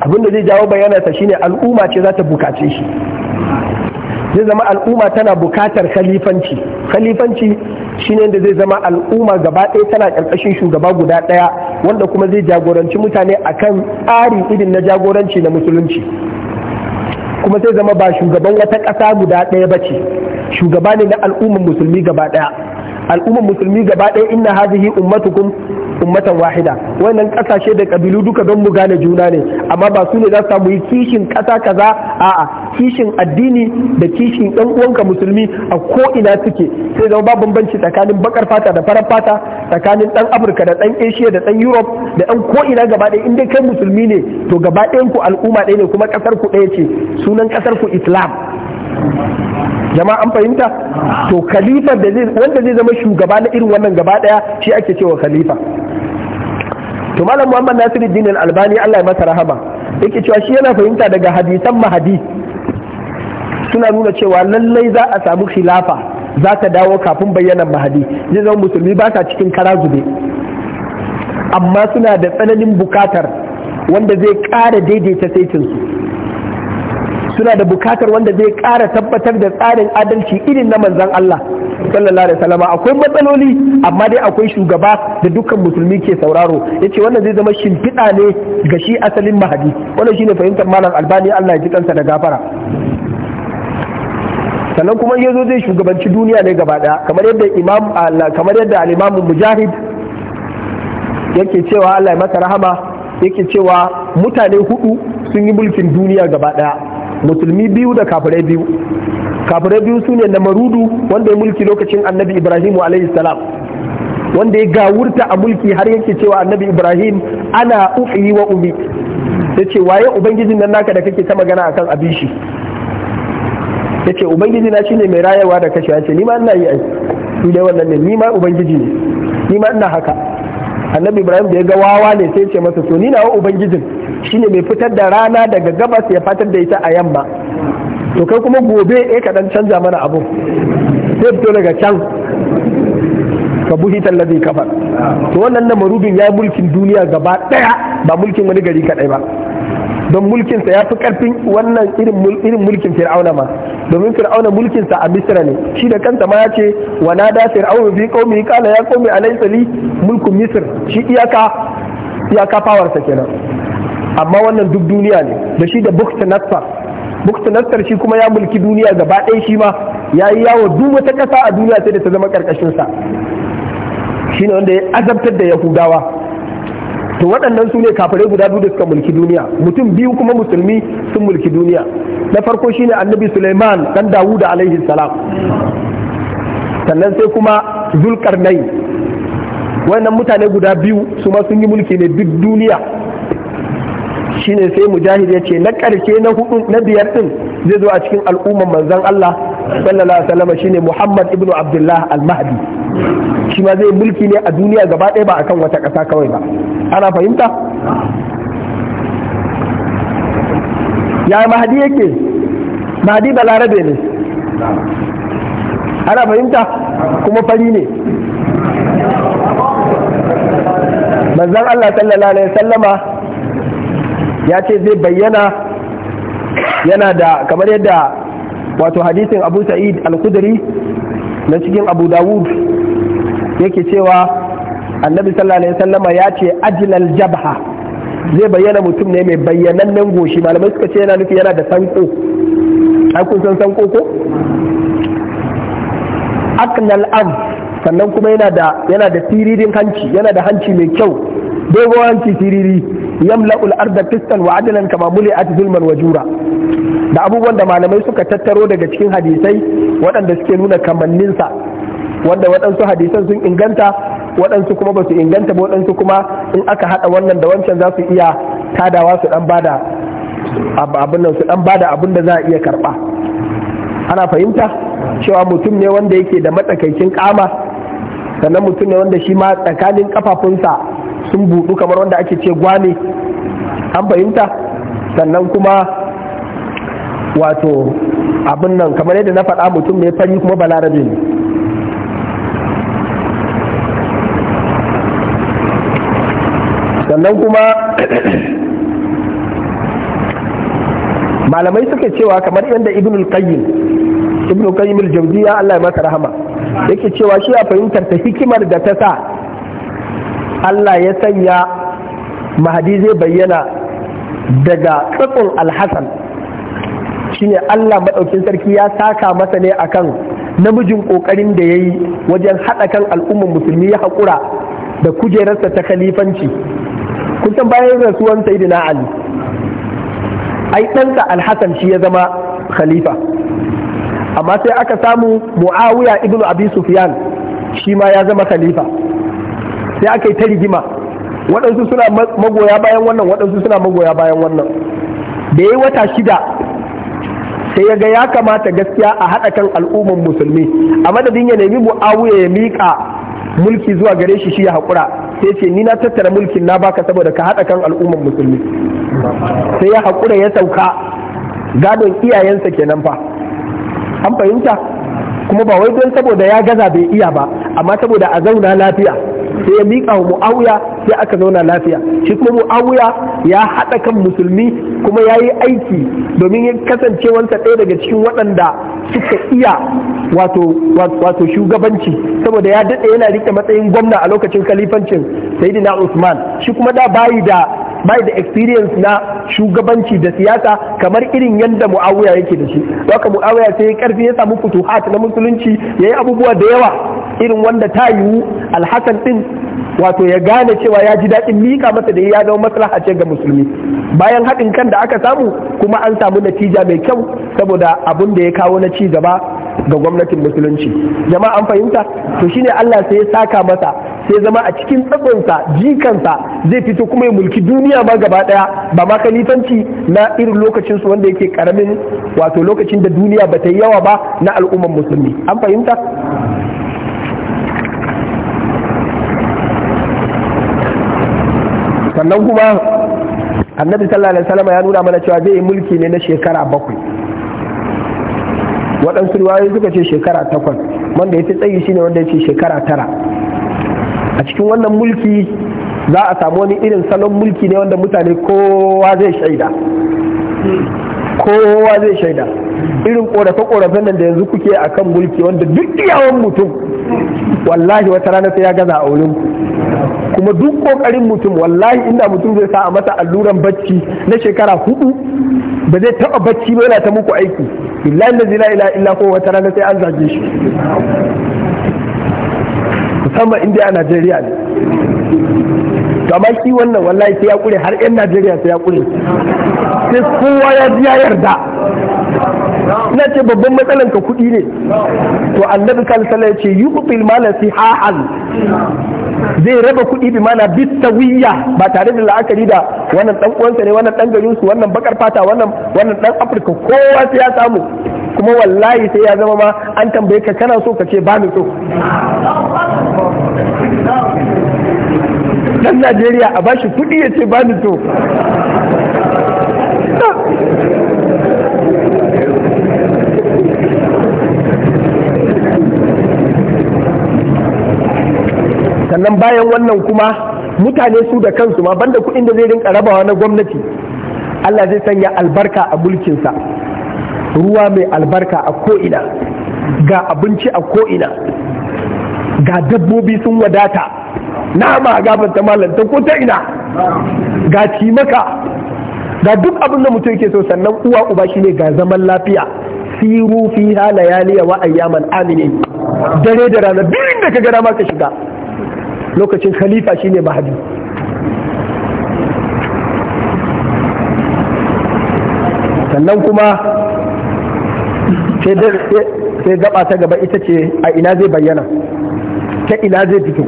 da zai jawo bayyanarta shine al'umma ce za ta bukace shi zai zama al'umma tana bukatar khalifanci khalifanci shine da zai zama al'umma gaba ɗaya tana ƙarƙashin shugaba guda ɗaya wanda kuma zai jagoranci mutane akan tsari irin na jagoranci na musulunci kuma zai zama ba shugaban wata ƙasa guda ɗaya ba ce shugaba ne na al'ummar musulmi gaba ɗaya al'umman musulmi gaba ɗaya inna hadhihi ummatukum ummatan wahida wannan kasashe da kabilu duka don mu gane juna ne amma ba su ne za su yi kishin kasa kaza a'a kishin addini da kishin ɗan uwanka musulmi a ko ina suke sai zama ba bambanci tsakanin bakar fata da farar fata tsakanin ɗan afirka da ɗan asia da ɗan europe da ɗan ko ina gaba ɗaya dai kai musulmi ne to gaba ɗayan ku al'umma ɗaya ne kuma ƙasar ku ɗaya ce sunan ƙasar ku islam jama'a an fahimta to khalifa da zai wanda zai zama shugaba na irin wannan gaba daya shi ake cewa khalifa to malam Muhammad Nasiruddin Al-Albani Allah ya masa rahama yake cewa shi yana fahimta daga hadisan mahadi suna nuna cewa lallai za a samu khilafa za ta dawo kafin bayyanan mahadi zai zama musulmi ba ta cikin kara zube amma suna da tsananin bukatar wanda zai ƙara daidaita saitinsu suna da bukatar wanda zai ƙara tabbatar da tsarin adalci irin na manzan Allah sallallahu alaihi wasallam akwai matsaloli amma dai akwai shugaba da dukkan musulmi ke sauraro yace wannan zai zama shimfiɗa ne ga shi asalin mahadi wannan shine fahimtar malam albani Allah ya ji kansa da gafara sannan kuma ya zo zai shugabanci duniya ne gaba ɗaya. kamar yadda imam kamar yadda al-imam mujahid yake cewa Allah ya masa rahama yake cewa mutane hudu sun yi mulkin duniya gaba ɗaya. musulmi biyu da kafirai biyu kafirai biyu sune na marudu wanda ya mulki lokacin annabi ibrahim alayhi salam wanda ya gawurta a mulki har yake cewa annabi ibrahim ana ufi wa umi ya ce waye ubangijin nan naka da kake ta magana akan abin shi ya ce ubangiji na shine mai rayarwa da kashewa ya ce ni ma ina yi aiki ni dai wannan ne ni ma ubangiji ne ni ma ina haka annabi ibrahim da ya ga wawa ne sai ce masa to ni nawa ubangijin shine mai fitar da rana daga gabas ya fatar da ita a yamma to kai kuma gobe ya eh kaɗan canza mana abu sai fito daga can ka buhi tallabi kafar to wannan na marubin ya mulkin duniya gaba ɗaya ba mulkin wani gari kaɗai ba don mulkinsa ya fi karfin wannan irin mulkin fir'auna ma domin fir'auna mulkinsa a misra ne shi da kanta ma ya ce wa na da fir'auna fi qaumi qala ya qaumi alaysa li mulku misr shi iyaka iyaka powersa kenan amma wannan duk duniya ne da shi da bukta nasa bukta nasa shi kuma ya mulki duniya gaba ɗaya shi ma ya yi yawo duk wata ƙasa a duniya sai da ta zama ƙarƙashinsa shi ne wanda ya azabtar da yahudawa to waɗannan su ne kafirai guda biyu da suka mulki duniya mutum biyu kuma musulmi sun mulki duniya na farko shine annabi suleiman dan dawuda alaihi salam sannan sai kuma zulkarnai wannan mutane guda biyu su ma sun yi mulki ne duk duniya shine sai mujahid ya ce na ƙarshe na hudu na biyar ɗin zai zo a cikin al'umman manzon Allah sallallahu alaihi wasallam shine Muhammad ibnu Abdullah al-Mahdi shi ma zai mulki ne a duniya gaba ɗaya ba kan wata ƙasa kawai ba ana fahimta ya mahadi yake mahadi balarabe ne ana fahimta kuma fari ne manzan Allah sallallahu alaihi sallama ya ce zai bayyana yana da kamar yadda wato hadisin abu sa'id al kudari na cikin abu dawud yake cewa annabi sallallahu alaihi wasallam ya ce ajilal jabha zai bayyana mutum ne mai bayyanannen goshi malamai suka ce yana nufi yana da sanko ai kun san sanko ko aknal am sannan kuma yana da yana da tiririn hanci yana da hanci mai kyau dogon hanci siriri yamlaul ul arda qistan wa adlan kama muli'at zulman wa jura da abubuwan da malamai suka tattaro daga cikin hadisai waɗanda suke nuna kamanninsa wanda waɗansu hadisan sun inganta waɗansu kuma ba su inganta ba waɗansu kuma in aka haɗa wannan da wancan za su iya tadawa su ɗan bada abin nan su ɗan bada abin da za a iya karɓa ana fahimta cewa mutum ne wanda yake da matsakaicin kama sannan mutum ne wanda shi ma tsakanin kafafunsa sun buɗu kamar wanda ake ce gwane an fahimta sannan kuma wato abin nan kamar yadda na faɗa mutum ne fari kuma balarabe ne sannan kuma malamai suka cewa kamar yadda ibn al-qayyim ibn al-qayyim al-jawziya Allah ya masa rahama yake cewa shi a fahimtar ta hikimar da ta sa Allah ya sanya mahadi zai bayyana daga tsakon al-hasan shine Allah madaukin sarki ya saka masa ne akan namijin kokarin da yayi wajen hada kan al'ummar musulmi ya hakura da kujerarsa ta khalifanci kun san bayan rasuwan sayyidina ali ai ɗansa alhassan shi ya zama khalifa amma sai aka samu muawiya ibnu abi sufyan shi ma ya zama khalifa sai aka yi ta rigima waɗansu suna magoya bayan wannan waɗansu suna magoya bayan wannan da ya yi wata shida sai ya ga ya kamata gaskiya a haɗa kan al'umman musulmi a madadin ya nemi muawiya ya miƙa mulki zuwa gare shi shi ya haƙura sai ce ni na tattara mulkin na baka saboda ka haɗa kan al'ummar musulmi sai ya haƙura ya sauka gadon iyayensa kenan fa an fahimta kuma ba wai don saboda ya gaza bai iya ba amma saboda a zauna lafiya sai ya miƙa wa mu'awiya sai aka zauna lafiya shi kuma mu'awiya ya haɗa kan musulmi kuma ya yi aiki domin ya kasancewansa ɗaya daga cikin waɗanda suka iya wato shugabanci saboda ya daɗe yana riƙe matsayin gwamna a lokacin kalifancin sayyidina usman shi kuma da bayi da bai da experience na shugabanci da siyasa kamar irin yadda mu'awiya yake da shi haka mu'awiya sai ya karfi ya samu futuhat na musulunci ya yi abubuwa da yawa irin wanda ta yiwu alhassan din wato ya gane cewa ya ji daɗin mika masa da ya zama maslaha ce ga musulmi bayan haɗin kan da aka samu kuma an samu natija mai kyau saboda abin da ya kawo na ci gaba ga gwamnatin musulunci jama'a an fahimta to shine Allah sai ya saka masa sai zama a cikin tsabonsa jikansa zai fito kuma ya mulki duniya ma gaba daya ba ma kalifanci na irin lokacin su wanda yake karamin wato lokacin da duniya ba ta yawa ba na al'umman musulmi an fahimta sannan kuma annabi sallallahu alaihi wasallam ya nuna mana cewa zai yi mulki ne na shekara bakwai waɗansu riwayoyi suka ce shekara takwas wanda ya fi tsayi shine wanda ya ce shekara tara a cikin wannan mulki za a samu wani irin salon mulki ne wanda mutane kowa zai shaida kowa zai shaida irin korafe-korafen nan da yanzu kuke akan mulki wanda duk yawon mutum wallahi wata rana sai ya gaza a wurin kuma duk kokarin mutum wallahi inda mutum zai sa a masa alluran bacci na shekara hudu ba zai taba bacci ba yana ta muku aiki billahi la ilaha illa illa ko wata rana sai an zage shi musamman inda a Najeriya ne to amma shi wannan wallahi sai ya kure har yan Najeriya sai ya kure sai kowa ya ji ya yarda ina ce babban matsalan ka kuɗi ne to annabi kan ya ce yuqtil malasi ha'al zai raba kuɗi bi mana wiyya ba tare da la'akari da wannan dan uwansa ne wannan dan garin su wannan bakar fata wannan wannan dan afirka kowa sai ya samu kuma wallahi sai ya zama ma an tambaye ka kana so ka ce ba so dan Najeriya a bashi kuɗi ya ce ba ni so sannan bayan wannan kuma mutane su da kansu ma banda kuɗin da zai rinka rabawa na gwamnati Allah zai sanya albarka a mulkinsa ruwa mai albarka a ko'ina ga abinci a ko'ina ga dabbobi sun wadata nama ta malanta ko ta ina ga cimaka ga duk abin da mutum ke so sannan uwa uba shine ga zaman lafiya siru fi halayaliya wa ayyaman aminin dare da rana biyun da ka gada ma ka shiga lokacin khalifa shine mahadi sannan kuma sai gaba ta gaba ita ce a ina zai bayyana ta ina zai fito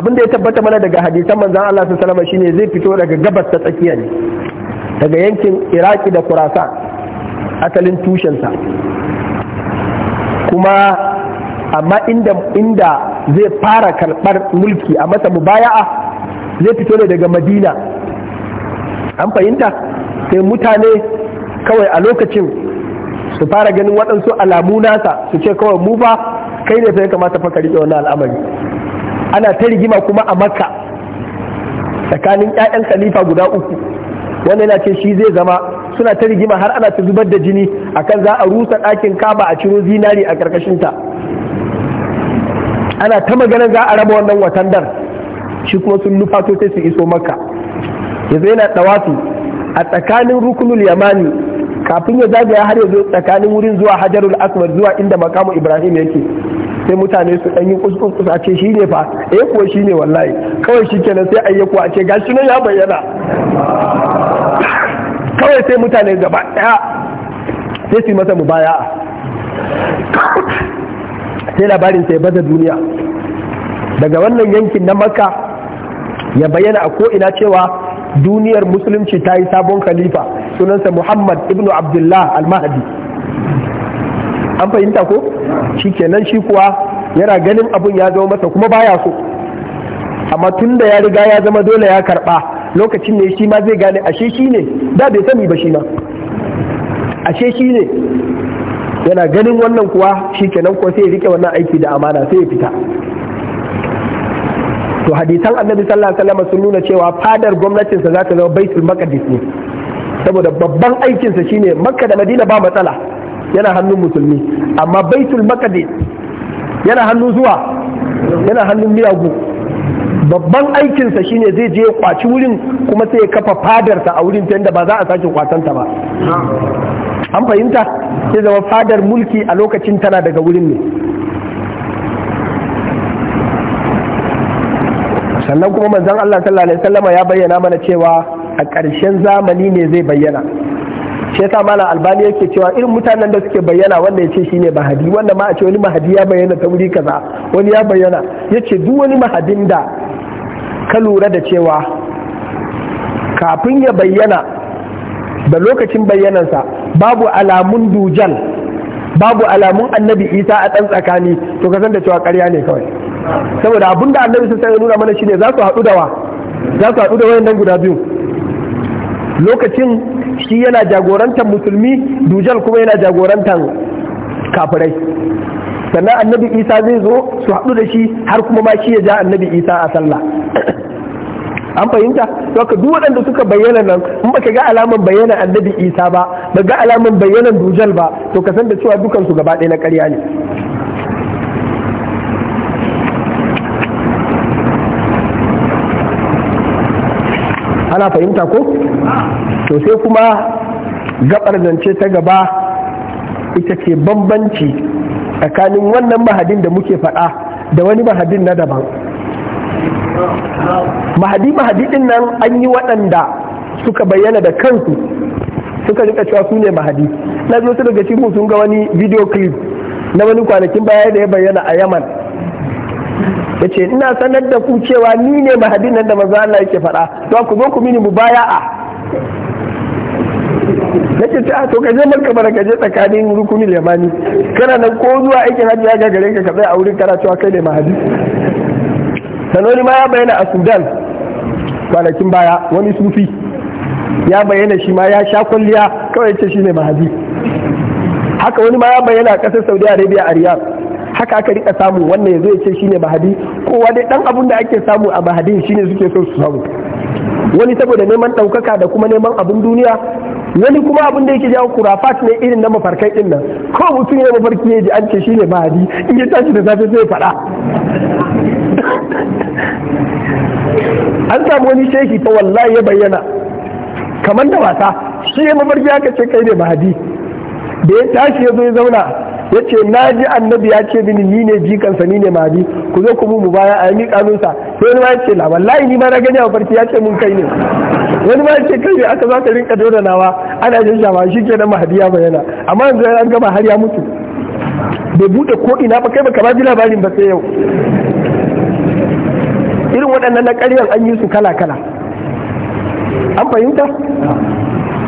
abin ya tabbata mana daga hadisan manzan Allah su salama shine zai fito daga gabas ta tsakiya ne daga yankin iraki da kurasa asalin tushensa kuma amma inda zai fara karɓar mulki a masa mubaya'a zai fito ne daga madina an fahimta sai mutane kawai a lokacin su fara ganin waɗansu alamu nasa su ce kawai mu ba kai ne ya kamata fa ka riƙe wannan al'amari ana ta rigima kuma a makka tsakanin 'ya'yan khalifa guda uku wanda yana ce shi zai zama suna ta rigima har ana ta zubar da jini akan za a rusa ɗakin kaba a ciro zinari a ƙarƙashinta ana ta magana za a raba wannan watan dar shi kuma sun nufato sai su iso makka yanzu yana dawafi a tsakanin rukunul yamani kafin ya zagaya har yanzu tsakanin wurin zuwa hajarul aswad zuwa inda makamu ibrahim yake sai mutane su ɗan yi kuskus ce shi ne fa eh kuwa shi ne wallahi kawai shi kenan sai ayi kuwa a ce gashi nan ya bayyana kawai sai mutane gaba ɗaya sai su yi masa mubaya sai labarin sai baza duniya daga wannan yankin na makka ya bayyana a ko'ina cewa duniyar musulunci ta yi sabon khalifa sunansa muhammad Ibn abdullah al-mahdi an fahimta ko shi kenan shi kuwa yana ganin abun ya zama masa kuma baya so amma tun da ya riga ya zama dole ya karba lokacin ne shi ma zai gane ashe shi ne da bai sani ba shi ma ashe shi ne yana ganin wannan kuwa shi kenan kuwa sai ya rike wannan aiki da amana sai ya fita to hadisan annabi sallallahu alaihi wasallam sun nuna cewa fadar gwamnatin sa ta zama baitul maqdis ne saboda babban aikinsa shine makka da madina ba matsala yana hannun musulmi amma baitul maqdis yana hannun zuwa yana hannun miyagu babban aikinsa shine zai je kwaci wurin kuma sai ya kafa fadarsa a wurin tenda ba za a sake kwatanta ba an fahimta sai zama fadar mulki a lokacin tana daga wurin ne sannan kuma manzon Allah sallallahu alaihi wasallama ya bayyana mana cewa a ƙarshen zamani ne zai bayyana shi yasa mala albani yake cewa irin mutanen da suke bayyana wanda ya ce ne mahadi wanda ma a ce wani mahadi ya bayyana ta wuri kaza wani ya bayyana ya ce duk wani mahadin da ka lura da cewa kafin ya bayyana da lokacin bayyanansa babu alamun dujal babu alamun annabi isa a ɗan tsakani to ka san da cewa ƙarya ne kawai saboda abin da annabi sun sanya nuna mana shine za su haɗu da wa za su haɗu da wayannan guda biyu lokacin shi yana jagorantar musulmi dujal kuma yana jagorantar kafirai sannan annabi isa zai zo su haɗu da shi har kuma ma shi ya ja annabi isa a sallah an fahimta to ka duk waɗanda suka bayyana nan in baka ga alaman bayyana annabi isa ba ba ga alaman bayyana dujal ba to ka san da cewa dukansu gaba ɗaya na ƙarya ne ana fahimta ko to sai kuma gabar zance ta gaba ita ce bambanci tsakanin wannan mahadin da muke faɗa da wani mahadin na daban mahadi mahadi din nan an yi waɗanda suka bayyana da kansu suka rika cewa su ne mahadi na zo su daga cikin sun ga wani video clip na wani kwanakin baya da ya bayyana a yaman yace ina sanar da ku cewa ni ne mahadin nan da manzo Allah yake faɗa don ku zo ku mini mu a nace ta to kaje makka bara kaje tsakanin rukuni limani kana nan ko zuwa aikin hajji ga gareka ka ka tsaya a wurin kana cewa kai ne mahadi sanoni ma ya bayyana a Sudan kwanakin baya wani sufi ya bayyana shi ma ya sha kwalliya kawai ce shi ne mahadi haka wani ma ya bayyana a ƙasar Saudi Arabia a Riyadh haka aka rika samu wannan yanzu ya ce shine bahadi? kowa dai dan abun da ake samu a mahadin shine suke so su samu wani saboda neman ɗaukaka da kuma neman abun duniya wani kuma abun da yake jawo kurafat ne irin na mafarkai din nan ko mutum ya mafarki ya ji an ce shine bahadi? in ya tashi da safe sai faɗa an samu wani shehi ta wallahi ya bayyana kamar da wasa shi ya mafarki aka ce kai ne bahadi? da ya tashi ya zo ya zauna ya ce na ji annabi ya ce mini ni ne jikansa ni ne mahadi ku zo ku mu mu baya a yi kanunsa sai wani ma ya ce la wallahi ni ma na gani a farki ya ce mun kai ne wani ma ya ce kai ne aka za ka rinka dora nawa ana jin shawa shi ke nan mahadi ya bayyana amma yanzu an gama har ya mutu bai buɗe ko ina ba kai ba kama ji labarin ba sai yau irin waɗannan na ƙaryar an yi su kala kala an fahimta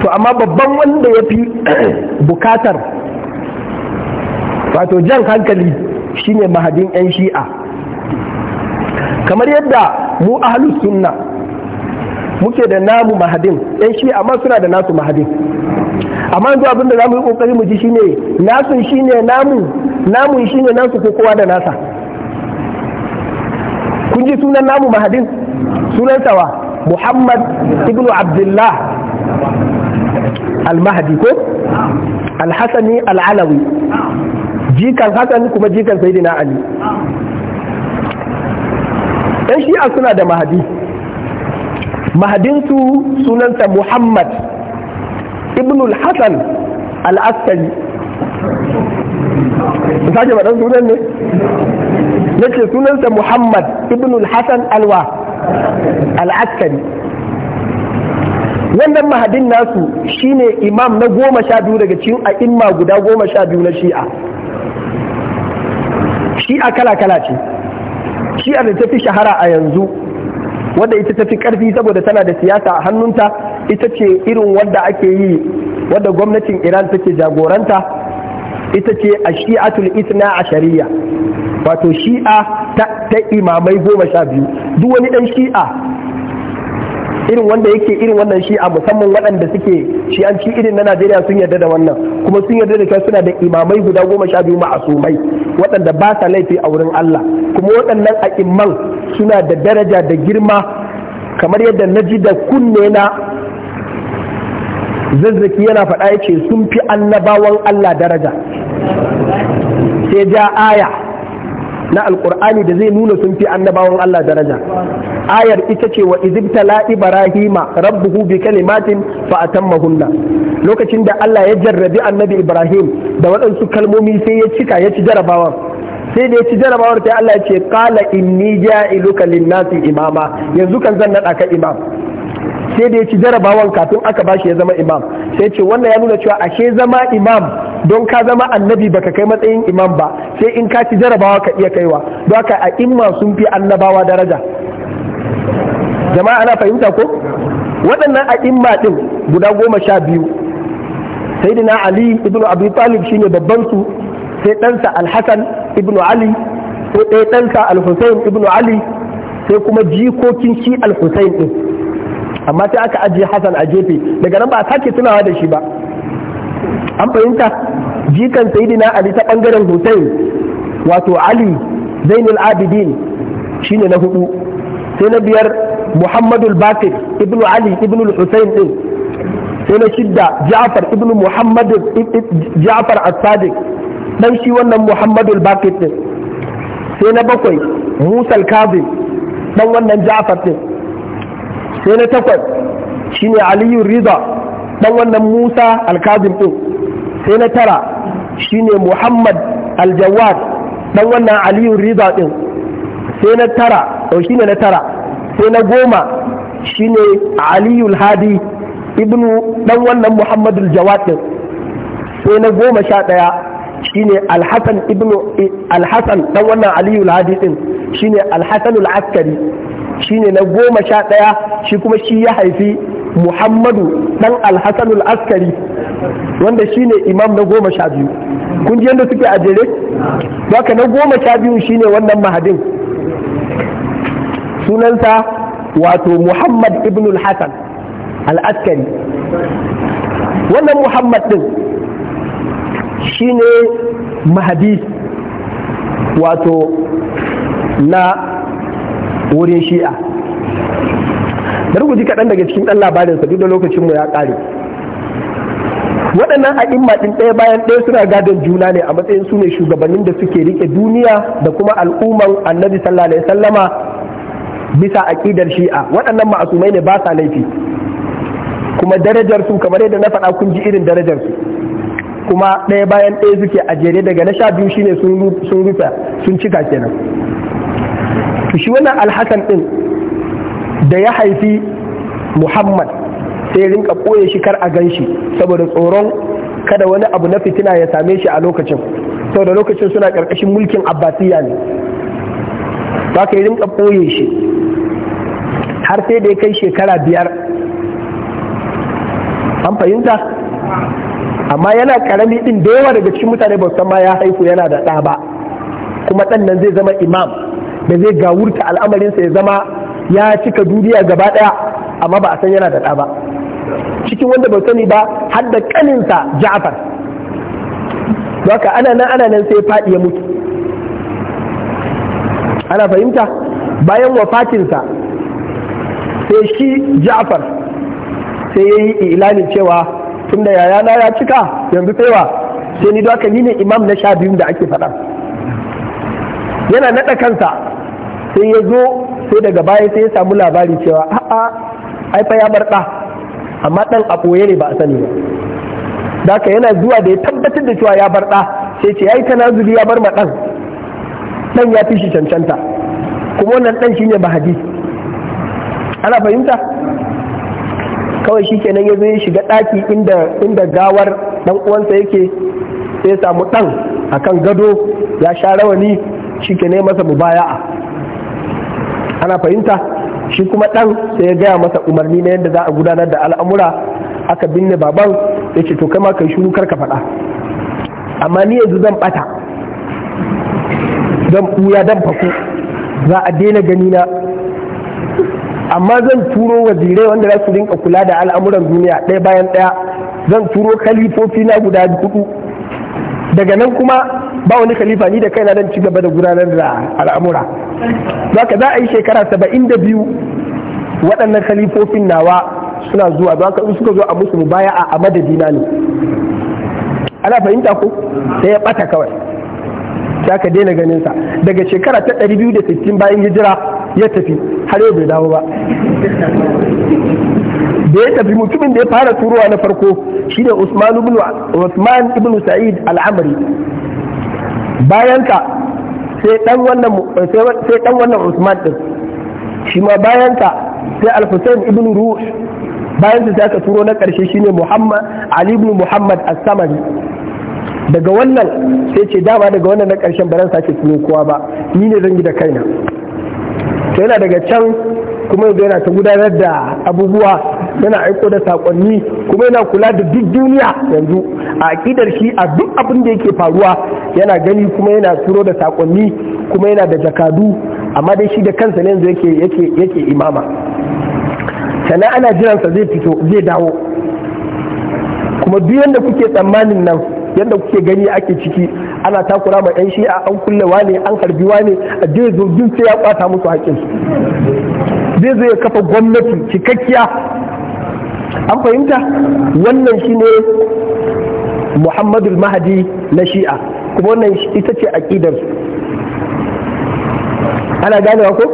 to amma babban wanda ya fi bukatar wato jan hankali shine mahadin 'yan shi'a kamar yadda mu ahlus sunna muke da namu mahadin 'yan shi'a ma suna da nasu mahadin amma yanzu abin da za mu yi kokari mu ji shine nasun shine namu namun shine nasu ko kowa da nasa kun ji sunan namu mahadin sunan sawa muhammad ibn abdullah al-mahdi ko al-hasani al-alawi jikan hasan kuma jikan sayyidina ali dan shi'a suna da mahadi mahadinsu sunansa muhammad ibnul hasan al-askari sake faɗan sunan ne ce sunansa muhammad ibnul hasan alwa al-askari wannan mahadin nasu shine imam na goma sha biyu daga cikin a'imma guda goma sha biyu na shi'a shi'a kala-kala ce shi'ar da ta fi shahara a yanzu wadda ita ta fi karfi saboda tana da siyasa a hannunta ita ce irin wadda ake yi wadda gwamnatin iran take jagoranta ita ce a shi'atul isna a shari'a wato shi'a ta imamai goma sha biyu duk wani dan shi'a irin wanda yake irin wannan shi a musamman waɗanda suke shi an ci irin na Najeriya sun yarda da wannan kuma sun yarda da kai suna da imamai guda goma sha biyu ma'asumai waɗanda ba sa laifi a wurin Allah kuma waɗannan a'imman suna da daraja da girma kamar yadda na ji da kunne na zazzaki yana faɗa yace sun fi annabawan Allah daraja sai ja aya na alkur'ani da zai nuna sun fi annabawan Allah daraja ayar ita ce wa izibtala ibrahima rabbuhu bi kalimatin fa atammahunna lokacin da Allah ya jarrabi annabi ibrahim da waɗansu kalmomi sai ya cika ya ci jarabawan sai da ya ci jarabawar ta Allah ya ce qala inni ja'iluka lin-nasi imama yanzu kan zan naɗa ka imam sai da ya ci jarabawan kafin aka bashi ya zama imam sai ce wannan ya nuna cewa ashe zama imam don ka zama annabi baka kai matsayin imam ba sai in ka ci jarabawa ka iya kaiwa don haka a imma sun fi annabawa daraja jama'a ana fahimta ko waɗannan a imma ɗin guda goma sha biyu Saidina ali ibnu abu talib shine babban su sai ɗansa alhassan ibnu ali sai ɗansa alhussein ibnu ali sai kuma jikokin shi alhussein ɗin amma sai aka ajiye Hassan a jefe, daga nan ba a sake tunawa da shi ba an fahimta jikan sayidina Ali ta bangaren Hussein wato Ali Zainul Abidin shine na hudu sai na biyar Muhammadul Bakir ibnu Ali ibnu Hussein din sai na shidda Ja'far ibnu Muhammad Ja'far As-Sadiq dan shi wannan Muhammadul Bakir din sai na bakwai Musa Al-Kazim dan wannan Ja'far din sai na takwas shine aliyu Riza dan wannan musa alkazim din sai na tara shine muhammad aljawad dan wannan aliyu Riza din sai na tara shi ne na tara sai na goma ne aliyu alhadi ibnu dan wannan muhammad aljawad din sai na goma sha daya shine alhassan ibnu alhassan dan wannan aliyu alhadi din shine alhassan alaskari Shi ne na goma sha ɗaya shi kuma shi ya haifi muhammadu ɗan alhassanul askari wanda shi ne imam na goma sha biyu kun ji yadda suke a jere haka na goma sha biyu ne wannan mahadin sunansa wato muhammad ibnul hassan al wannan muhammad ɗin shi ne mahadi wato na wurin shi'a bari ku ji kaɗan daga cikin ɗan labarinsa duk da lokacinmu ya ƙare waɗannan a'imma ɗin ɗaya bayan ɗaya suna gadon juna ne a matsayin su ne shugabannin da suke rike duniya da kuma al'umman annabi sallallahu sallama bisa aƙidar shi'a waɗannan ma'asumai ne ba sa laifi kuma darajar su kamar yadda na faɗa kun ji irin darajar su kuma ɗaya bayan ɗaya suke a jere daga na sha biyu shine sun rufe sun cika kenan to shi wannan alhakan din da ya haifi muhammad sai rinka ɓoye shi kar a gan shi saboda tsoron kada wani abu na fitina ya same shi a lokacin saboda lokacin suna ƙarƙashin mulkin abbasiya ne ba ka yi rinka ɓoye shi har sai da ya kai shekara biyar an fahimta amma yana karami din da yawa daga cikin mutane ba ma ya haifu yana da ɗa ba kuma ɗan nan zai zama imam da zai gawurta al'amarinsa ya zama ya cika duniya gaba daya amma ba a san yana da ɗa ba cikin wanda bai sani ba har da ƙaninsa ja'far haka ana nan ana nan sai faɗi ya mutu ana fahimta bayan wafatinsa sai shi ja'far sai ya yi ilanin cewa tun tunda yayana ya cika yanzu saiwa sai ni haka ni ne imam na sha biyun da ake faɗa yana naɗa kansa sai ya zo sai daga baya sai ya samu labari cewa a'a ai fa ya bar ɗa amma ɗan a ɓoye ne ba a sani ba daka yana zuwa da ya tabbatar da cewa ya bar ɗa sai ce ai tanazuli ya bar ma ɗan ɗan ya fi shi cancanta kuma wannan ɗan shine bahadi ana fahimta kawai shi kenan ya zo ya shiga ɗaki inda gawar ɗan uwansa yake sai samu ɗan akan gado ya sha rawani shi ke masa mubaya'a ana fahimta shi kuma ɗan sai ya gaya masa umarni na yadda za a gudanar da al'amura aka binne baban ya ce to kai ma kai shiru kar ka faɗa amma ni yanzu zan bata zan ɓuya don fako za a daina gani na amma zan turo wazirai wanda za su rinka kula da al'amuran duniya ɗaya bayan ɗaya zan turo kalifofi na guda hudu daga nan kuma ba wani kalifa ni da kai na nan ci gaba da gudanar da al'amura zaka za a yi shekara saba'in da biyu waɗannan khalifofin nawa suna zuwa don haka suka zo a musu baya a madadina ne ana fahimta ko sai ya ɓata kawai sai aka daina ganin sa daga shekara ta 260 bayan hijira ya tafi har yau bai dawo ba da ya tafi mutumin da ya fara turowa na farko shi ne Usman ibn Sa'id al-Amri bayan ka sai ɗan eh, wannan Usman din shi ma bayan ta sai Al-Husayn ibn Ruh bayan sai aka turo na karshe shine Muhammad Ali ibn Muhammad as samari daga wannan sai ce dama daga wannan na karshen baran sake tuno kowa ba ni ne zan yi da kaina to yana daga can kuma yanzu yana ta gudanar da abubuwa yana aiko da sakonni kuma yana kula da duk duniya yanzu a akidar shi a duk abin da yake faruwa yana gani kuma yana turo da sakonni kuma yana da jakadu amma dai shi da kansa yanzu yake yake yake imama sannan ana jiransa zai fito zai dawo kuma duk yanda kuke tsammanin nan yadda kuke gani ake ciki ana takura ma yan shi'a an kulle wane an harbi wane a zai zo sai ya kwata musu haƙƙinsu zai zo ya kafa gwamnati cikakkiya an fahimta wannan shi ne muhammadul mahadi na shi'a kuma wannan ita ce aƙidar ana ganewa ko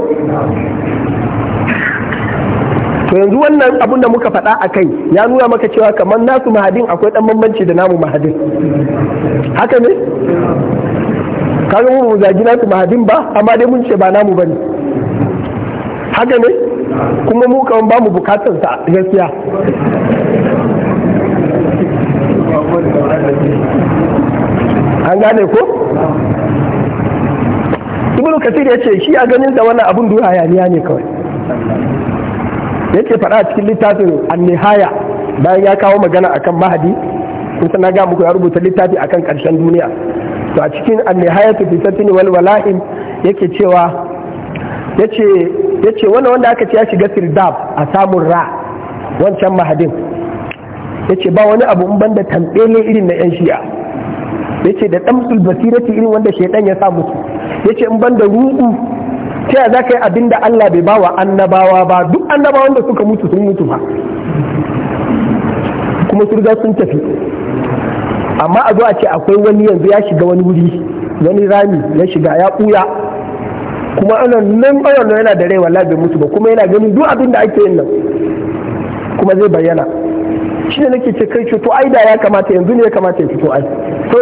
to yanzu wannan abun da muka faɗa a kai ya nuna maka cewa kamar nasu mahadin akwai ɗan bambanci da namu mahadin haka ne kaga mu zagi nasu mahadin ba amma dai mun ce ba namu ba ne. haka ne kuma mu kan ba mu bukatar sa gaskiya an gane ko ibnu kasir ya ce shi a ganin da wannan abun duk hayaniya ne kawai yake faɗa cikin littafin annihaya bayan ya kawo magana akan mahadi kusa na ga muku ya rubuta littafi akan karshen duniya to a cikin annihaya ta fi tattini wal yake cewa yace ya ce wannan wanda aka ce ya shiga firdab a samun ra wancan mahadin ya ce ba wani abu ban da tambele irin na yan shi'a ya ce da ɗamsul basirati irin wanda shaidan ya sa musu ya ce in ban da ruɗu ta za ka yi abin da Allah bai bawa annabawa ba duk annabawan da suka mutu sun mutu ba kuma surga sun tafi amma a zo a ce akwai wani yanzu ya shiga wani wuri wani rami ya shiga ya ɓuya kuma ana nan yana da rai wallahi bai mutu ba kuma yana ganin duk abin da ake yin nan kuma zai bayyana shi ne nake ce kai ce to ai da ya kamata yanzu ne ya kamata ya fito ai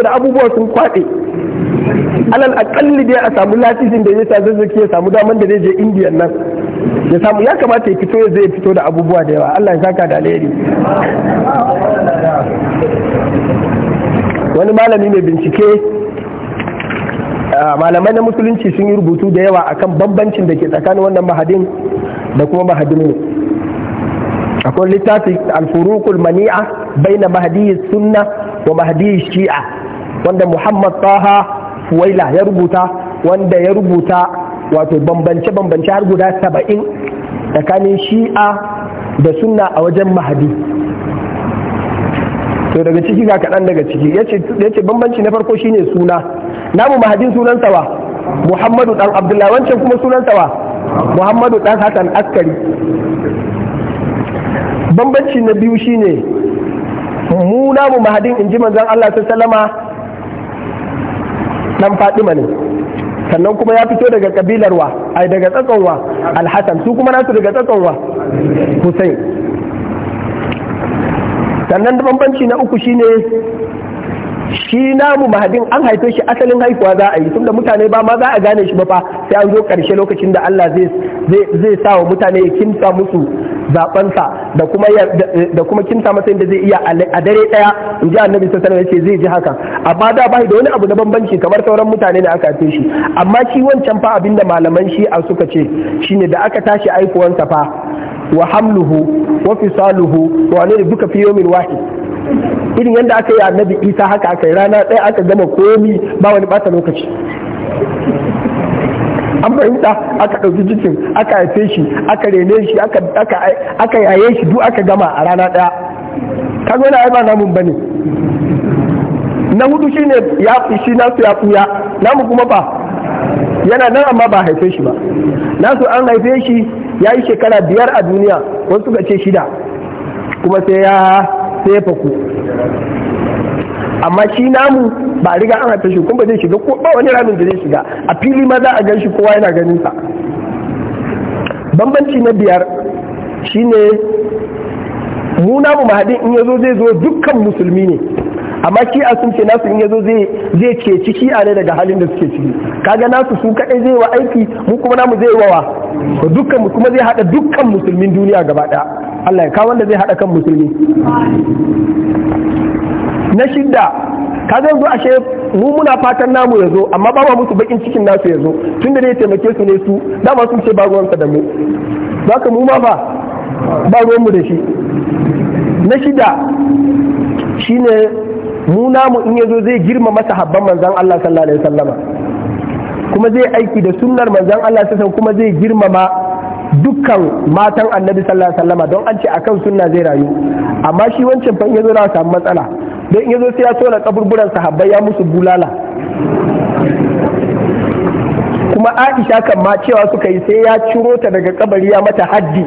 da abubuwa sun kwaɗe alal akalli dai a samu latifin da zai sa zazzaki ya samu daman da zai je indiya nan ya samu ya kamata ya fito ya zai fito da abubuwa da yawa Allah ya saka da alheri wani malami mai bincike malamai na musulunci sun yi rubutu da yawa akan bambancin da ke tsakanin wannan mahadin da kuma mahadin ne. akwai littafi alfurukul mani'a baina mahdi sunna wa mahdi shi'a wanda muhammad taha fuwaila ya rubuta wanda ya rubuta wato bambance bambance har guda saba'in tsakanin shi'a da sunna a wajen mahdi to daga ciki ga kaɗan daga ciki ya ce bambanci na farko shine suna namu mahadin sunan sawa muhammadu dan abdullahi wancan kuma sunan sawa muhammadu dan hasan askari bambanci na biyu shine mu namu mahadin inji manzon Allah sallama dan fadima ne sannan kuma ya fito daga kabilar wa ai daga tsakon wa alhasan su kuma nasu daga tsakon wa husain sannan bambanci na uku shine shi namu mahadin an haife shi asalin haihuwa za a yi da mutane ba ma za a gane shi ba fa sai an zo karshe lokacin da Allah zai sa wa mutane ya kimsa musu zaɓansa, da kuma da kuma kimsa masa zai iya a dare ɗaya, in ji annabi sallallahu ya ce zai ji haka amma da ba da wani abu na bambanci kamar sauran mutane ne aka haife shi amma shi wancan fa abinda malaman shi a suka ce shine da aka tashi aikuwansa fa wa hamluhu wa fisaluhu wa ne duka fi yomin wahid irin yadda aka yi annabi isa haka aka yi rana ɗaya aka gama komi ba wani ɓata lokaci an fahimta aka ɗauki jikin aka haife shi aka rene shi aka yaye shi duk aka gama a rana ɗaya ka zo na ba namun bane na hudu shi ne ya shi nasu ya fuya namu kuma ba yana nan amma ba haife shi ba nasu an haife shi ya yi shekara biyar a duniya wasu ga ce shida kuma sai ya sai ku, amma shi namu ba riga an haife shi kuma ba zai shiga ko ba wani ramin da zai shiga a fili ma za a gan shi kowa yana ganin sa bambanci na biyar shine mu namu mahadin in yazo zai zo dukkan musulmi ne amma shi'a sun ce nasu in yazo zai zai ciki a ne daga halin da suke ciki kaga nasu su kadai zai wa aiki mu kuma namu zai wawa dukkan mu kuma zai hada dukkan musulmin duniya gaba daya Allah ya kawo wanda zai haɗa kan musulmi na shidda ka zan zo ashe mu muna fatan namu ya zo amma ba musu bakin cikin nasu ya zo tun da ya taimake su ne su dama sun ce ba ruwansa da mu za ka mu ma ba ba ruwanmu da shi na shida ne mu namu in ya zo zai girma masa habban manzan Allah sallallahu alaihi wasallama kuma zai aiki da sunnar manzan Allah Sassan kuma zai girmama dukkan matan annabi sallallahu alaihi wasallama don an ce akan sunna zai rayu amma shi wancan fa in yazo na samu matsala don in yazo sai ya tona kaburburan sahabbai ya musu bulala kuma Aisha kan ma cewa suka yi sai ya ciro ta daga kabari ya mata haddi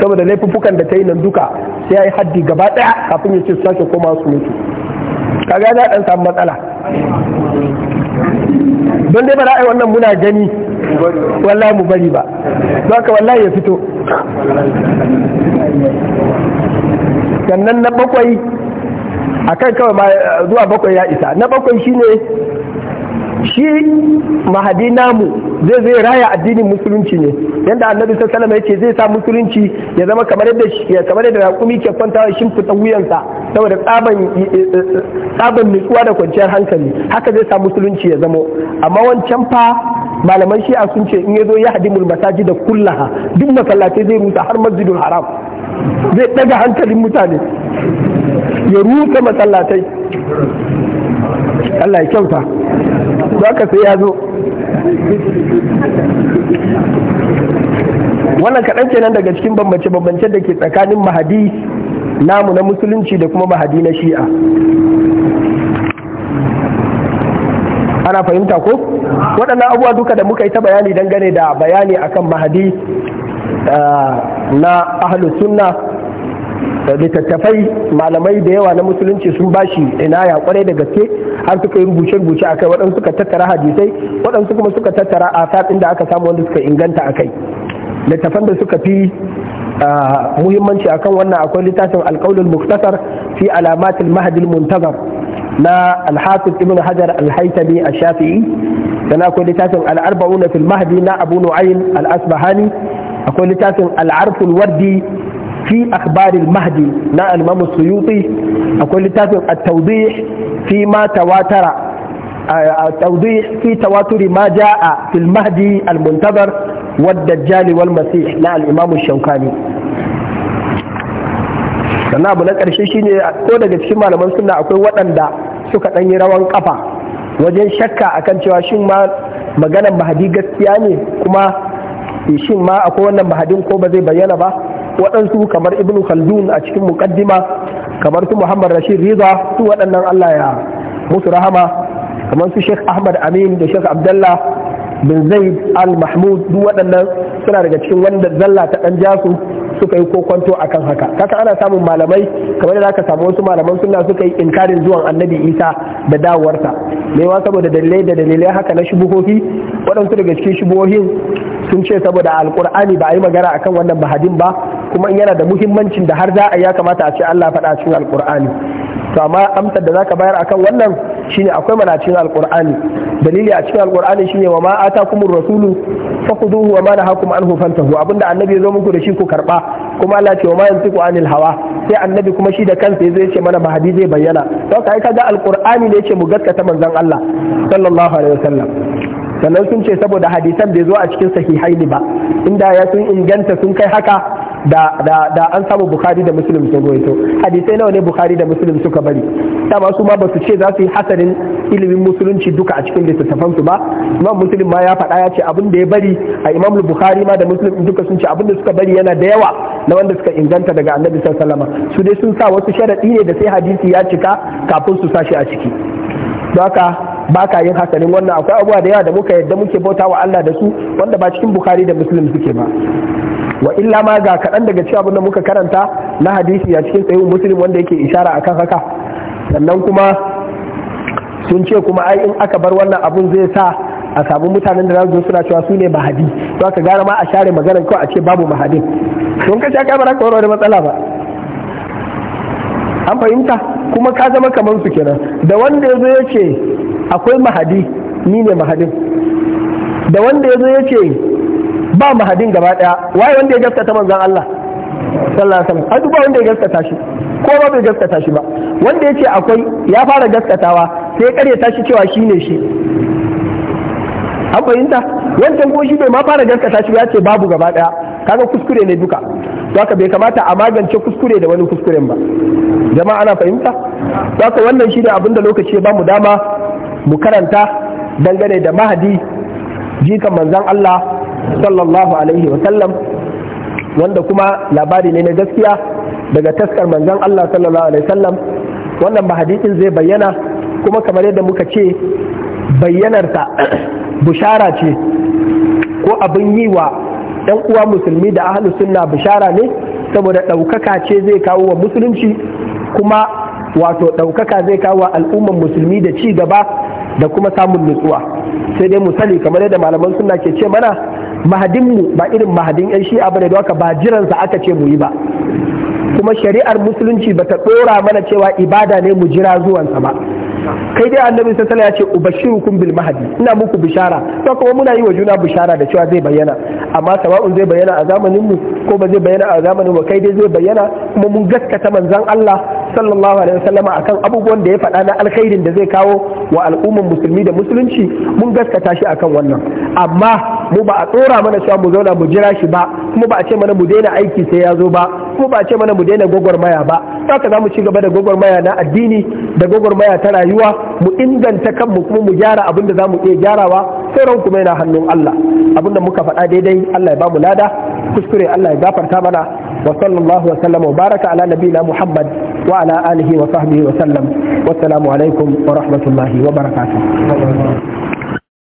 saboda laifukan da ta yi nan duka sai ya yi haddi gaba daya kafin ya ce su sake koma su mutu kaga ya dan samu matsala don dai ba za a yi wannan muna gani wallahi mu bari ba don haka wallahi ya fito sannan na bakwai a kan kawai ma zuwa bakwai ya isa na bakwai shine shi mahadi namu zai zai raya addinin musulunci ne yanda annabi sallallahu alaihi zai sa musulunci ya zama kamar yadda kamar yadda raƙumi ke kwantawa ya fitan wuyansa saboda tsaban eh, eh, eh, tsaban nutsuwa da kwanciyar hankali haka zai sa musulunci ya zama amma wancan fa malaman shi'a sun ce in ya zo ya hadimul masajid da kullaha duk masallatai zai rusa har masjidul haram zai daga hankalin mutane ya rusa masallatai Allah ya kyauta za sai ya zo wannan kaɗan kenan daga cikin bambance-bambance da ke tsakanin mahadi namu na musulunci da kuma mahadi na shi'a ana fahimta ko waɗannan abuwa duka da muka yi ta bayani dangane da bayani akan mahadi eh, na ahlus sunna littattafai malamai da yawa na musulunci sun bashi ya kwarai da gaske har suka yi rubuce-rubuce akai waɗansu suka tattara hadisai waɗansu kuma suka tattara a satsin da aka samu wanda suka inganta akai littattafan da suka fi muhimmanci akan wannan akwai littafin alƙaulul muktasar fi alamatil mahadil muntazar na alhafiz ibn hajar alhaitami a shafi'i sannan akwai littafin al-arba'una fil mahdi na abu nu'aym al-asbahani akwai littafin al'arful wardi fi أخبار mahdi na al السيوطي أقول akwai littafin at-tawdih fi ma tawatara at-tawdih fi tawaturi ma jaa fil mahdi al-muntazar wad-dajjal na sannan abu na ƙarshe shine ko daga cikin malaman suna akwai waɗanda suka ɗan yi rawan kafa wajen shakka akan cewa shin ma maganan mahadi gaskiya ne kuma shin ma akwai wannan mahadin ko ba zai bayyana ba waɗansu kamar ibn khaldun a cikin mukaddima kamar su muhammad rashid riza su waɗannan allah ya musu rahama kamar su sheikh ahmad amin da sheikh Abdullah bin zaid al mahmud duk waɗannan suna daga cikin wanda zalla ta ɗan jasu suka yi kokwanto akan haka kaka ana samun malamai kamar da aka samu wasu malaman suna suka yi inkarin zuwan annabi isa da dawarsa maiwa saboda dalilai da dalilai haka na shubuhohi waɗansu daga cikin shubuhohin sun ce saboda alkur'ani ba a yi magana akan wannan bahadin ba kuma in yana da muhimmancin da har za a ya kamata a ce Allah faɗa cikin alkur'ani to amma amsar da zaka bayar akan wannan shine akwai mana cikin alkur'ani dalili a cikin alkur'ani shine wa ma atakumur rasulu fakuduhu wa ma nahakum anhu fantahu abinda annabi ya zo muku da shi ku karba kuma Allah ce wa ma yantiqu anil hawa sai annabi kuma shi da kansa yazo yace mana ba mahadi zai bayyana to kai kaga Alƙur'ani ne yace mu gaskata manzon Allah sallallahu alaihi wasallam sannan sun ce saboda hadisan bai zo a cikin sahihaini ba inda ya sun inganta sun kai haka da an samu bukhari da muslim sun goyito hadisai nawa ne bukhari da muslim suka bari dama su ma basu ce za su yi hasarin ilimin musulunci duka a cikin littattafan ba imam muslim ma ya faɗa ya ce abin da ya bari a imam bukhari ma da muslim duka sun ce abin da suka bari yana da yawa na wanda suka inganta daga annabi sallallahu alaihi su dai sun sa wasu sharadi ne da sai hadisi ya cika kafin su sashi a ciki haka ba ka yin hasarin wannan akwai abubuwa da yawa da muka yadda muke bauta wa Allah da su wanda ba cikin Bukhari da Muslim suke ba wa illa ma ga kaɗan daga cikin abin da muka karanta na hadisi a cikin tsayin muslim wanda yake ishara akan haka sannan kuma sun ce kuma ai in aka bar wannan abun zai sa a samu mutanen da za zo suna cewa su ne mahadi to aka gara ma a share maganar kawai a ce babu mahadin sun ka aka bara ka warware matsala ba an fahimta kuma ka zama kamar su kenan da wanda ya zo ya ce akwai mahadi ni ne mahadin da wanda ya zo ya ce ba mahadin gaba daya waye wanda ya gaskata manzon Allah sallallahu alaihi wasallam ba wanda ya gaskata shi ko ba bai gaskata shi ba wanda ya ce akwai ya fara gaskatawa sai ya kare shi cewa shine shi an fahimta wancan ko shi bai ma fara gaskata shi ya ce babu gaba daya kaga kuskure ne duka haka bai kamata a magance kuskure da wani kuskuren ba jama'a ana fahimta haka wannan shi ne abinda lokaci ba mu dama mu karanta dangane da mahadi jikan manzan Allah sallallahu alaihi wa sallam wanda kuma labari ne na gaskiya daga taskar manzon Allah sallallahu alaihi wasallam wannan ba hadisin zai bayyana kuma kamar yadda muka ce bayyanarsa bushara ce ko abin yi wa ɗan uwa musulmi da ahlu sunna bushara ne saboda ɗaukaka ce zai kawo wa musulunci kuma wato ɗaukaka zai kawo wa al'umman musulmi da ci gaba da kuma samun nutsuwa sai dai mu musali kamar yadda malaman sunna ke ce mana mahadinmu ba irin mahadin yan shi'a bane da haka ba jiransa aka ce mu yi ba kuma shari'ar musulunci ba ta ɗora mana cewa ibada ne mu jira zuwansa ba kai dai annabi sallallahu ya ce ubashirukum bil mahdi ina muku bishara to kuma muna yi wa juna bishara da cewa zai bayyana amma sawa'un zai bayyana a zamanin mu ko ba zai bayyana a zamanin mu kai dai zai bayyana kuma mun gaskata manzon Allah sallallahu alaihi wasallama akan abubuwan da ya faɗa na alkhairin da zai kawo wa al'umman musulmi da musulunci mun gaskata shi akan wannan amma mu ba a tsora mana cewa mu zauna mu jira shi ba kuma ba a ce mana mu daina aiki sai ya zo ba kuma ba a ce mana mu daina gwagwarmaya ba haka za mu ci gaba da gwagwarmaya na addini da gwagwarmaya ta rayuwa mu inganta kanmu kuma mu gyara abin da za mu iya gyarawa sauran kuma yana hannun Allah abin da muka faɗa daidai Allah ya ba mu lada kuskure Allah ya gafarta mana wa sallallahu wa sallama wa baraka ala nabiyina Muhammad وعلى آله وصحبه وسلم والسلام عليكم ورحمة الله وبركاته